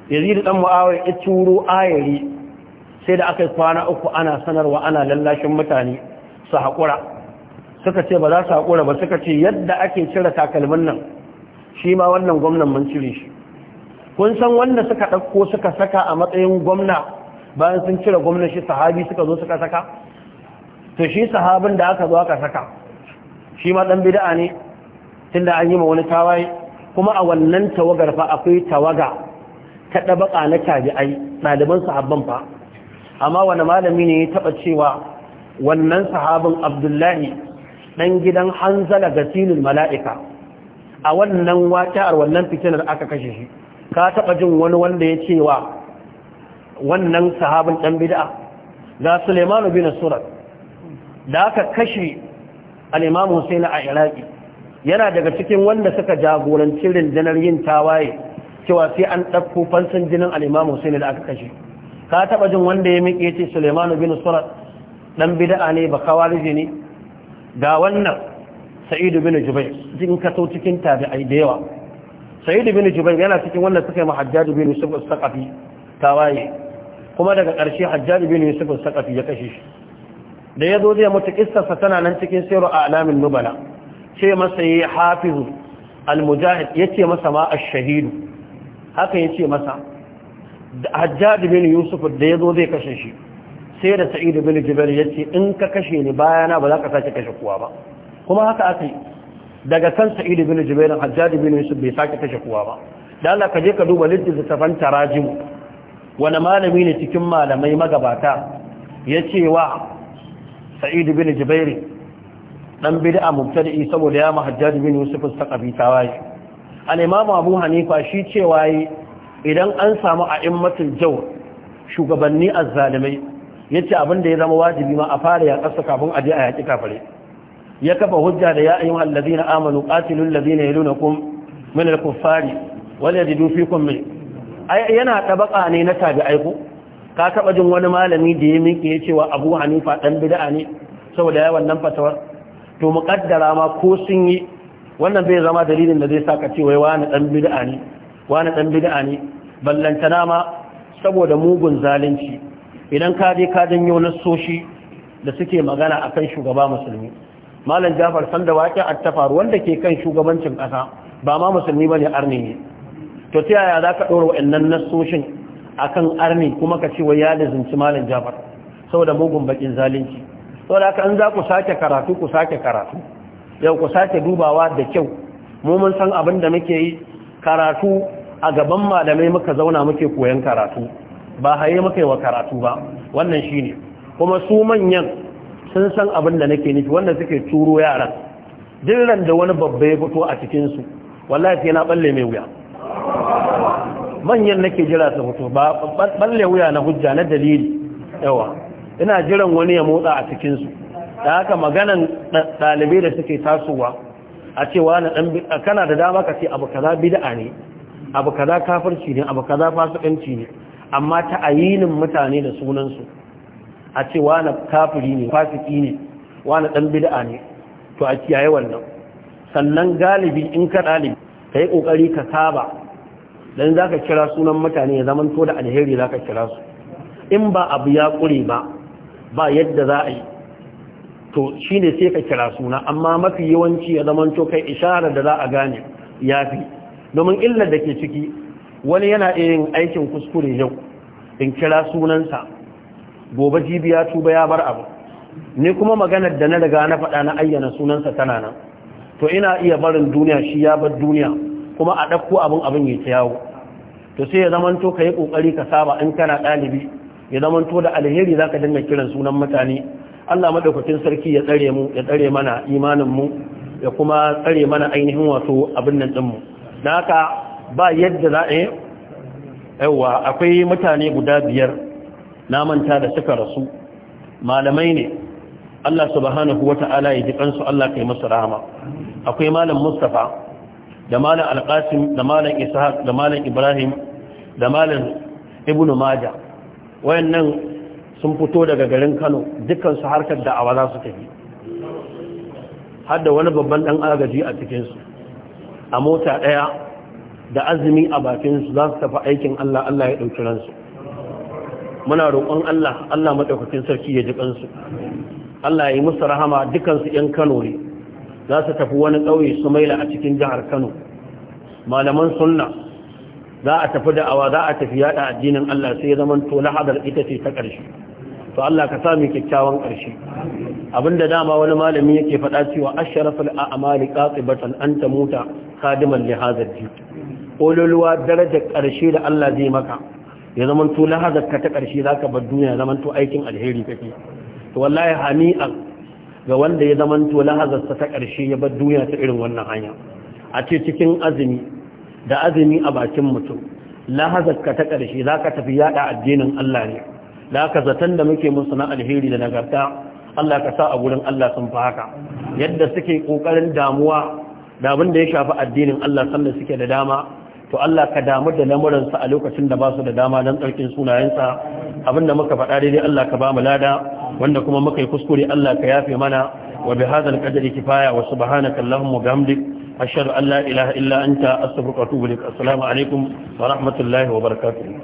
yazid dan muawiya ya turo ayari sai da aka yi kwana uku ana sanarwa ana lallashin mutane su haƙura suka ce ba za su haƙura ba suka ce yadda ake cire takalmin nan shi ma wannan gwamnan mun cire shi kun san wanda suka ɗauko suka saka a matsayin gwamna bayan sun cire gwamnan shi sahabi suka zo suka saka to shi sahabin da aka zo aka saka shi ma ɗan bid'a ne tunda an yi ma wani tawaye kuma a wannan tawagar fa akwai tawaga ta dabaka na tabi'ai ɗaliban sahabban fa amma wani malami ne ya taɓa cewa wannan sahabin Abdullahi ɗan gidan Hanzala gasilul mala'ika a wannan a wannan fitinar aka kashe shi ka taba jin wani wanda ya ce wa wannan sahabin ɗan bid'a ga Sulaiman bin Surat da aka kashe al-imam a Iraki yana daga cikin wanda suka jagoranci rindinar yin tawaye cewa sai an ɗauko fansan jinin al-imam da aka kashe ka taba jin wanda ya miƙe ce Sulaiman bin Surat dan bid'a ne ba kawarije ne ga wannan Sa'id bin Jubair jin ka to cikin tabi'ai da yawa Sa'id bin Jubair yana cikin wanda suka yi Hajjaj bin Yusuf al-Saqafi tawaye kuma daga ƙarshe Hajjaj bin Yusuf al-Saqafi ya kashe shi da ya zo zai mutu kissarsa tana nan cikin siru a alamin nubala ce masa ya yi hafizu al-mujahid ya ce masa ma a shahidu haka ya ce masa hajjad bin yusuf da ya zo zai kashe shi sai da sa'idu bin jibar ya ce in ka kashe ni bayana ba za ka sake kashe kuwa ba kuma haka aka yi daga kan sa'idu bin jibar hajjad bin yusuf bai sake kashe kuwa ba da Allah ka je ka duba da littattafan tarajimu wani malami ne cikin malamai magabata ya ce wa سعيد bin جبير dan bid'a mubtadi saboda ya mahajjaj bin yusuf saqafi tawaye al imam abu hanifa shi ce cewa idan an samu a'immatul jaw shugabanni az-zalimai yace abin da ya zama wajibi ma a fara ya kasa kafin a je a yaki kafare ya kafa hujja da ya ayyuhal ladina amanu qatilul ladina yalunukum min al-kuffari wal yajidu fikum min yana tabaka ne na tabi'ai ko ka taba jin wani malami da ya miƙe ya cewa abu hanifa dan bid'a ne saboda ya wannan fatawar to muƙaddara ma ko sun yi wannan bai zama dalilin da zai sa ka ce wa wani dan bida'a ne wani ɗan bida'a ne ballantana ma saboda mugun zalunci idan ka je ka janyo nassoshi da suke magana akan shugaba musulmi malam jafar sanda waƙi attafar wanda ke kan shugabancin ƙasa ba ma musulmi bane arne ne to ta yaya za ka ɗora wa'annan nassoshin akan arni kuma ka ce wai ya zinci malam Jafar saboda mugun bakin zalunci saboda haka an za ku sake karatu ku sake karatu yau ku sake dubawa da kyau mu mun san abin da muke yi karatu a gaban malamai muka zauna muke koyan karatu ba haye muka yi wa karatu ba wannan shine kuma su manyan sun san abin da nake nufi wanda suke turo yaran dillan da wani babba ya fito a cikin su wallahi sai na balle mai wuya manyan nake jira su fito ba balle wuya na hujja na dalili yawa ina jiran wani ya motsa a cikin su da haka maganan dalibai da suke tasowa a cewa na dan kana da dama ka ce abu kaza bid'a ne abu kaza kafirci ne abu kaza fasikanci ne amma ta ayinin mutane da sunan su a cewa na kafiri ne fasiki ne wani dan bid'a ne to a kiyaye wannan sannan galibi in ka dalibi kai kokari ka saba dan zaka kira sunan mutane ya zamanto da alheri zaka kira su in ba abu ya kure ba ba yadda za a yi to shine sai ka kira suna amma mafi yawanci ya zaman kai isharar da za a gane yafi domin illar da ke ciki wani yana yin aikin kuskure yau in kira sunansa gobe jibiya tuba ya bar abu ni kuma maganar da na riga na faɗa na ayyana sunansa tana nan to ina iya barin duniya shi ya bar duniya kuma a ɗauko abin abin ya ta yawo to sai ya zamanto ka yi ƙoƙari ka saba in kana ɗalibi ya zamanto da alheri za ka dinga kiran sunan mutane allah maɗaukakin sarki ya tsare mu ya tsare mana imanin mu ya kuma tsare mana ainihin wato abin nan ɗinmu Na haka ba yadda za a yawa akwai mutane guda biyar na manta da suka rasu malamai ne Allah subhanahu wa ya ji kansu Allah kai musu rama. akwai malam Mustapha. da malam alƙasim da malam ishaq da malam ibrahim da malam ibn maja wayannan sun fito daga garin kano dukkan su harkar da awala su tafi har da wani babban ɗan agaji a cikinsu, a mota ɗaya, da azumi a bakin su za su tafi aikin Allah Allah ya dauki ransu muna roƙon Allah Allah madaukakin sarki ya ji kansu Allah ya yi musu rahama dukkan 'yan Kano ne za su tafi wani ƙauye su maila a cikin jihar kano malaman sunna za a tafi da'awa za a tafi yada addinin allah sai ya zama to lahadar ita ce ta ƙarshe to allah ka sami kyakkyawan ƙarshe abinda dama wani malami yake faɗa cewa asharafal a'mali an anta muta khadiman li hadha din ololuwa darajar ƙarshe da allah zai maka ya zama to lahadar ka ta ƙarshe zaka bar duniya zaman to aikin alheri kake to wallahi hani'an ga wanda ya zamanta lahazarsa ta ƙarshe ya bar duniya ta irin wannan hanya a ce cikin azumi da azumi a bakin mutum lahazarka ta ƙarshe za ka tafi yaɗa addinin Allah ne da haka zaton da muke musu na alheri da nagarta Allah ka sa a gurin Allah sun fi haka yadda suke ƙoƙarin damuwa da abin da ya shafi addinin Allah sanda suke da dama to Allah ka damu da lamuransa a lokacin da ba su da dama don tsarkin sunayensa abin da muka faɗa daidai Allah ka ba mu lada wanda kuma muka yi kuskure Allah ka yafe mana wa bi hadha al-qadri kifaya wa subhanaka allahumma wa bihamdik ashhadu an la ilaha illa anta astaghfiruka wa atubu ilaik assalamu alaikum wa rahmatullahi wa barakatuh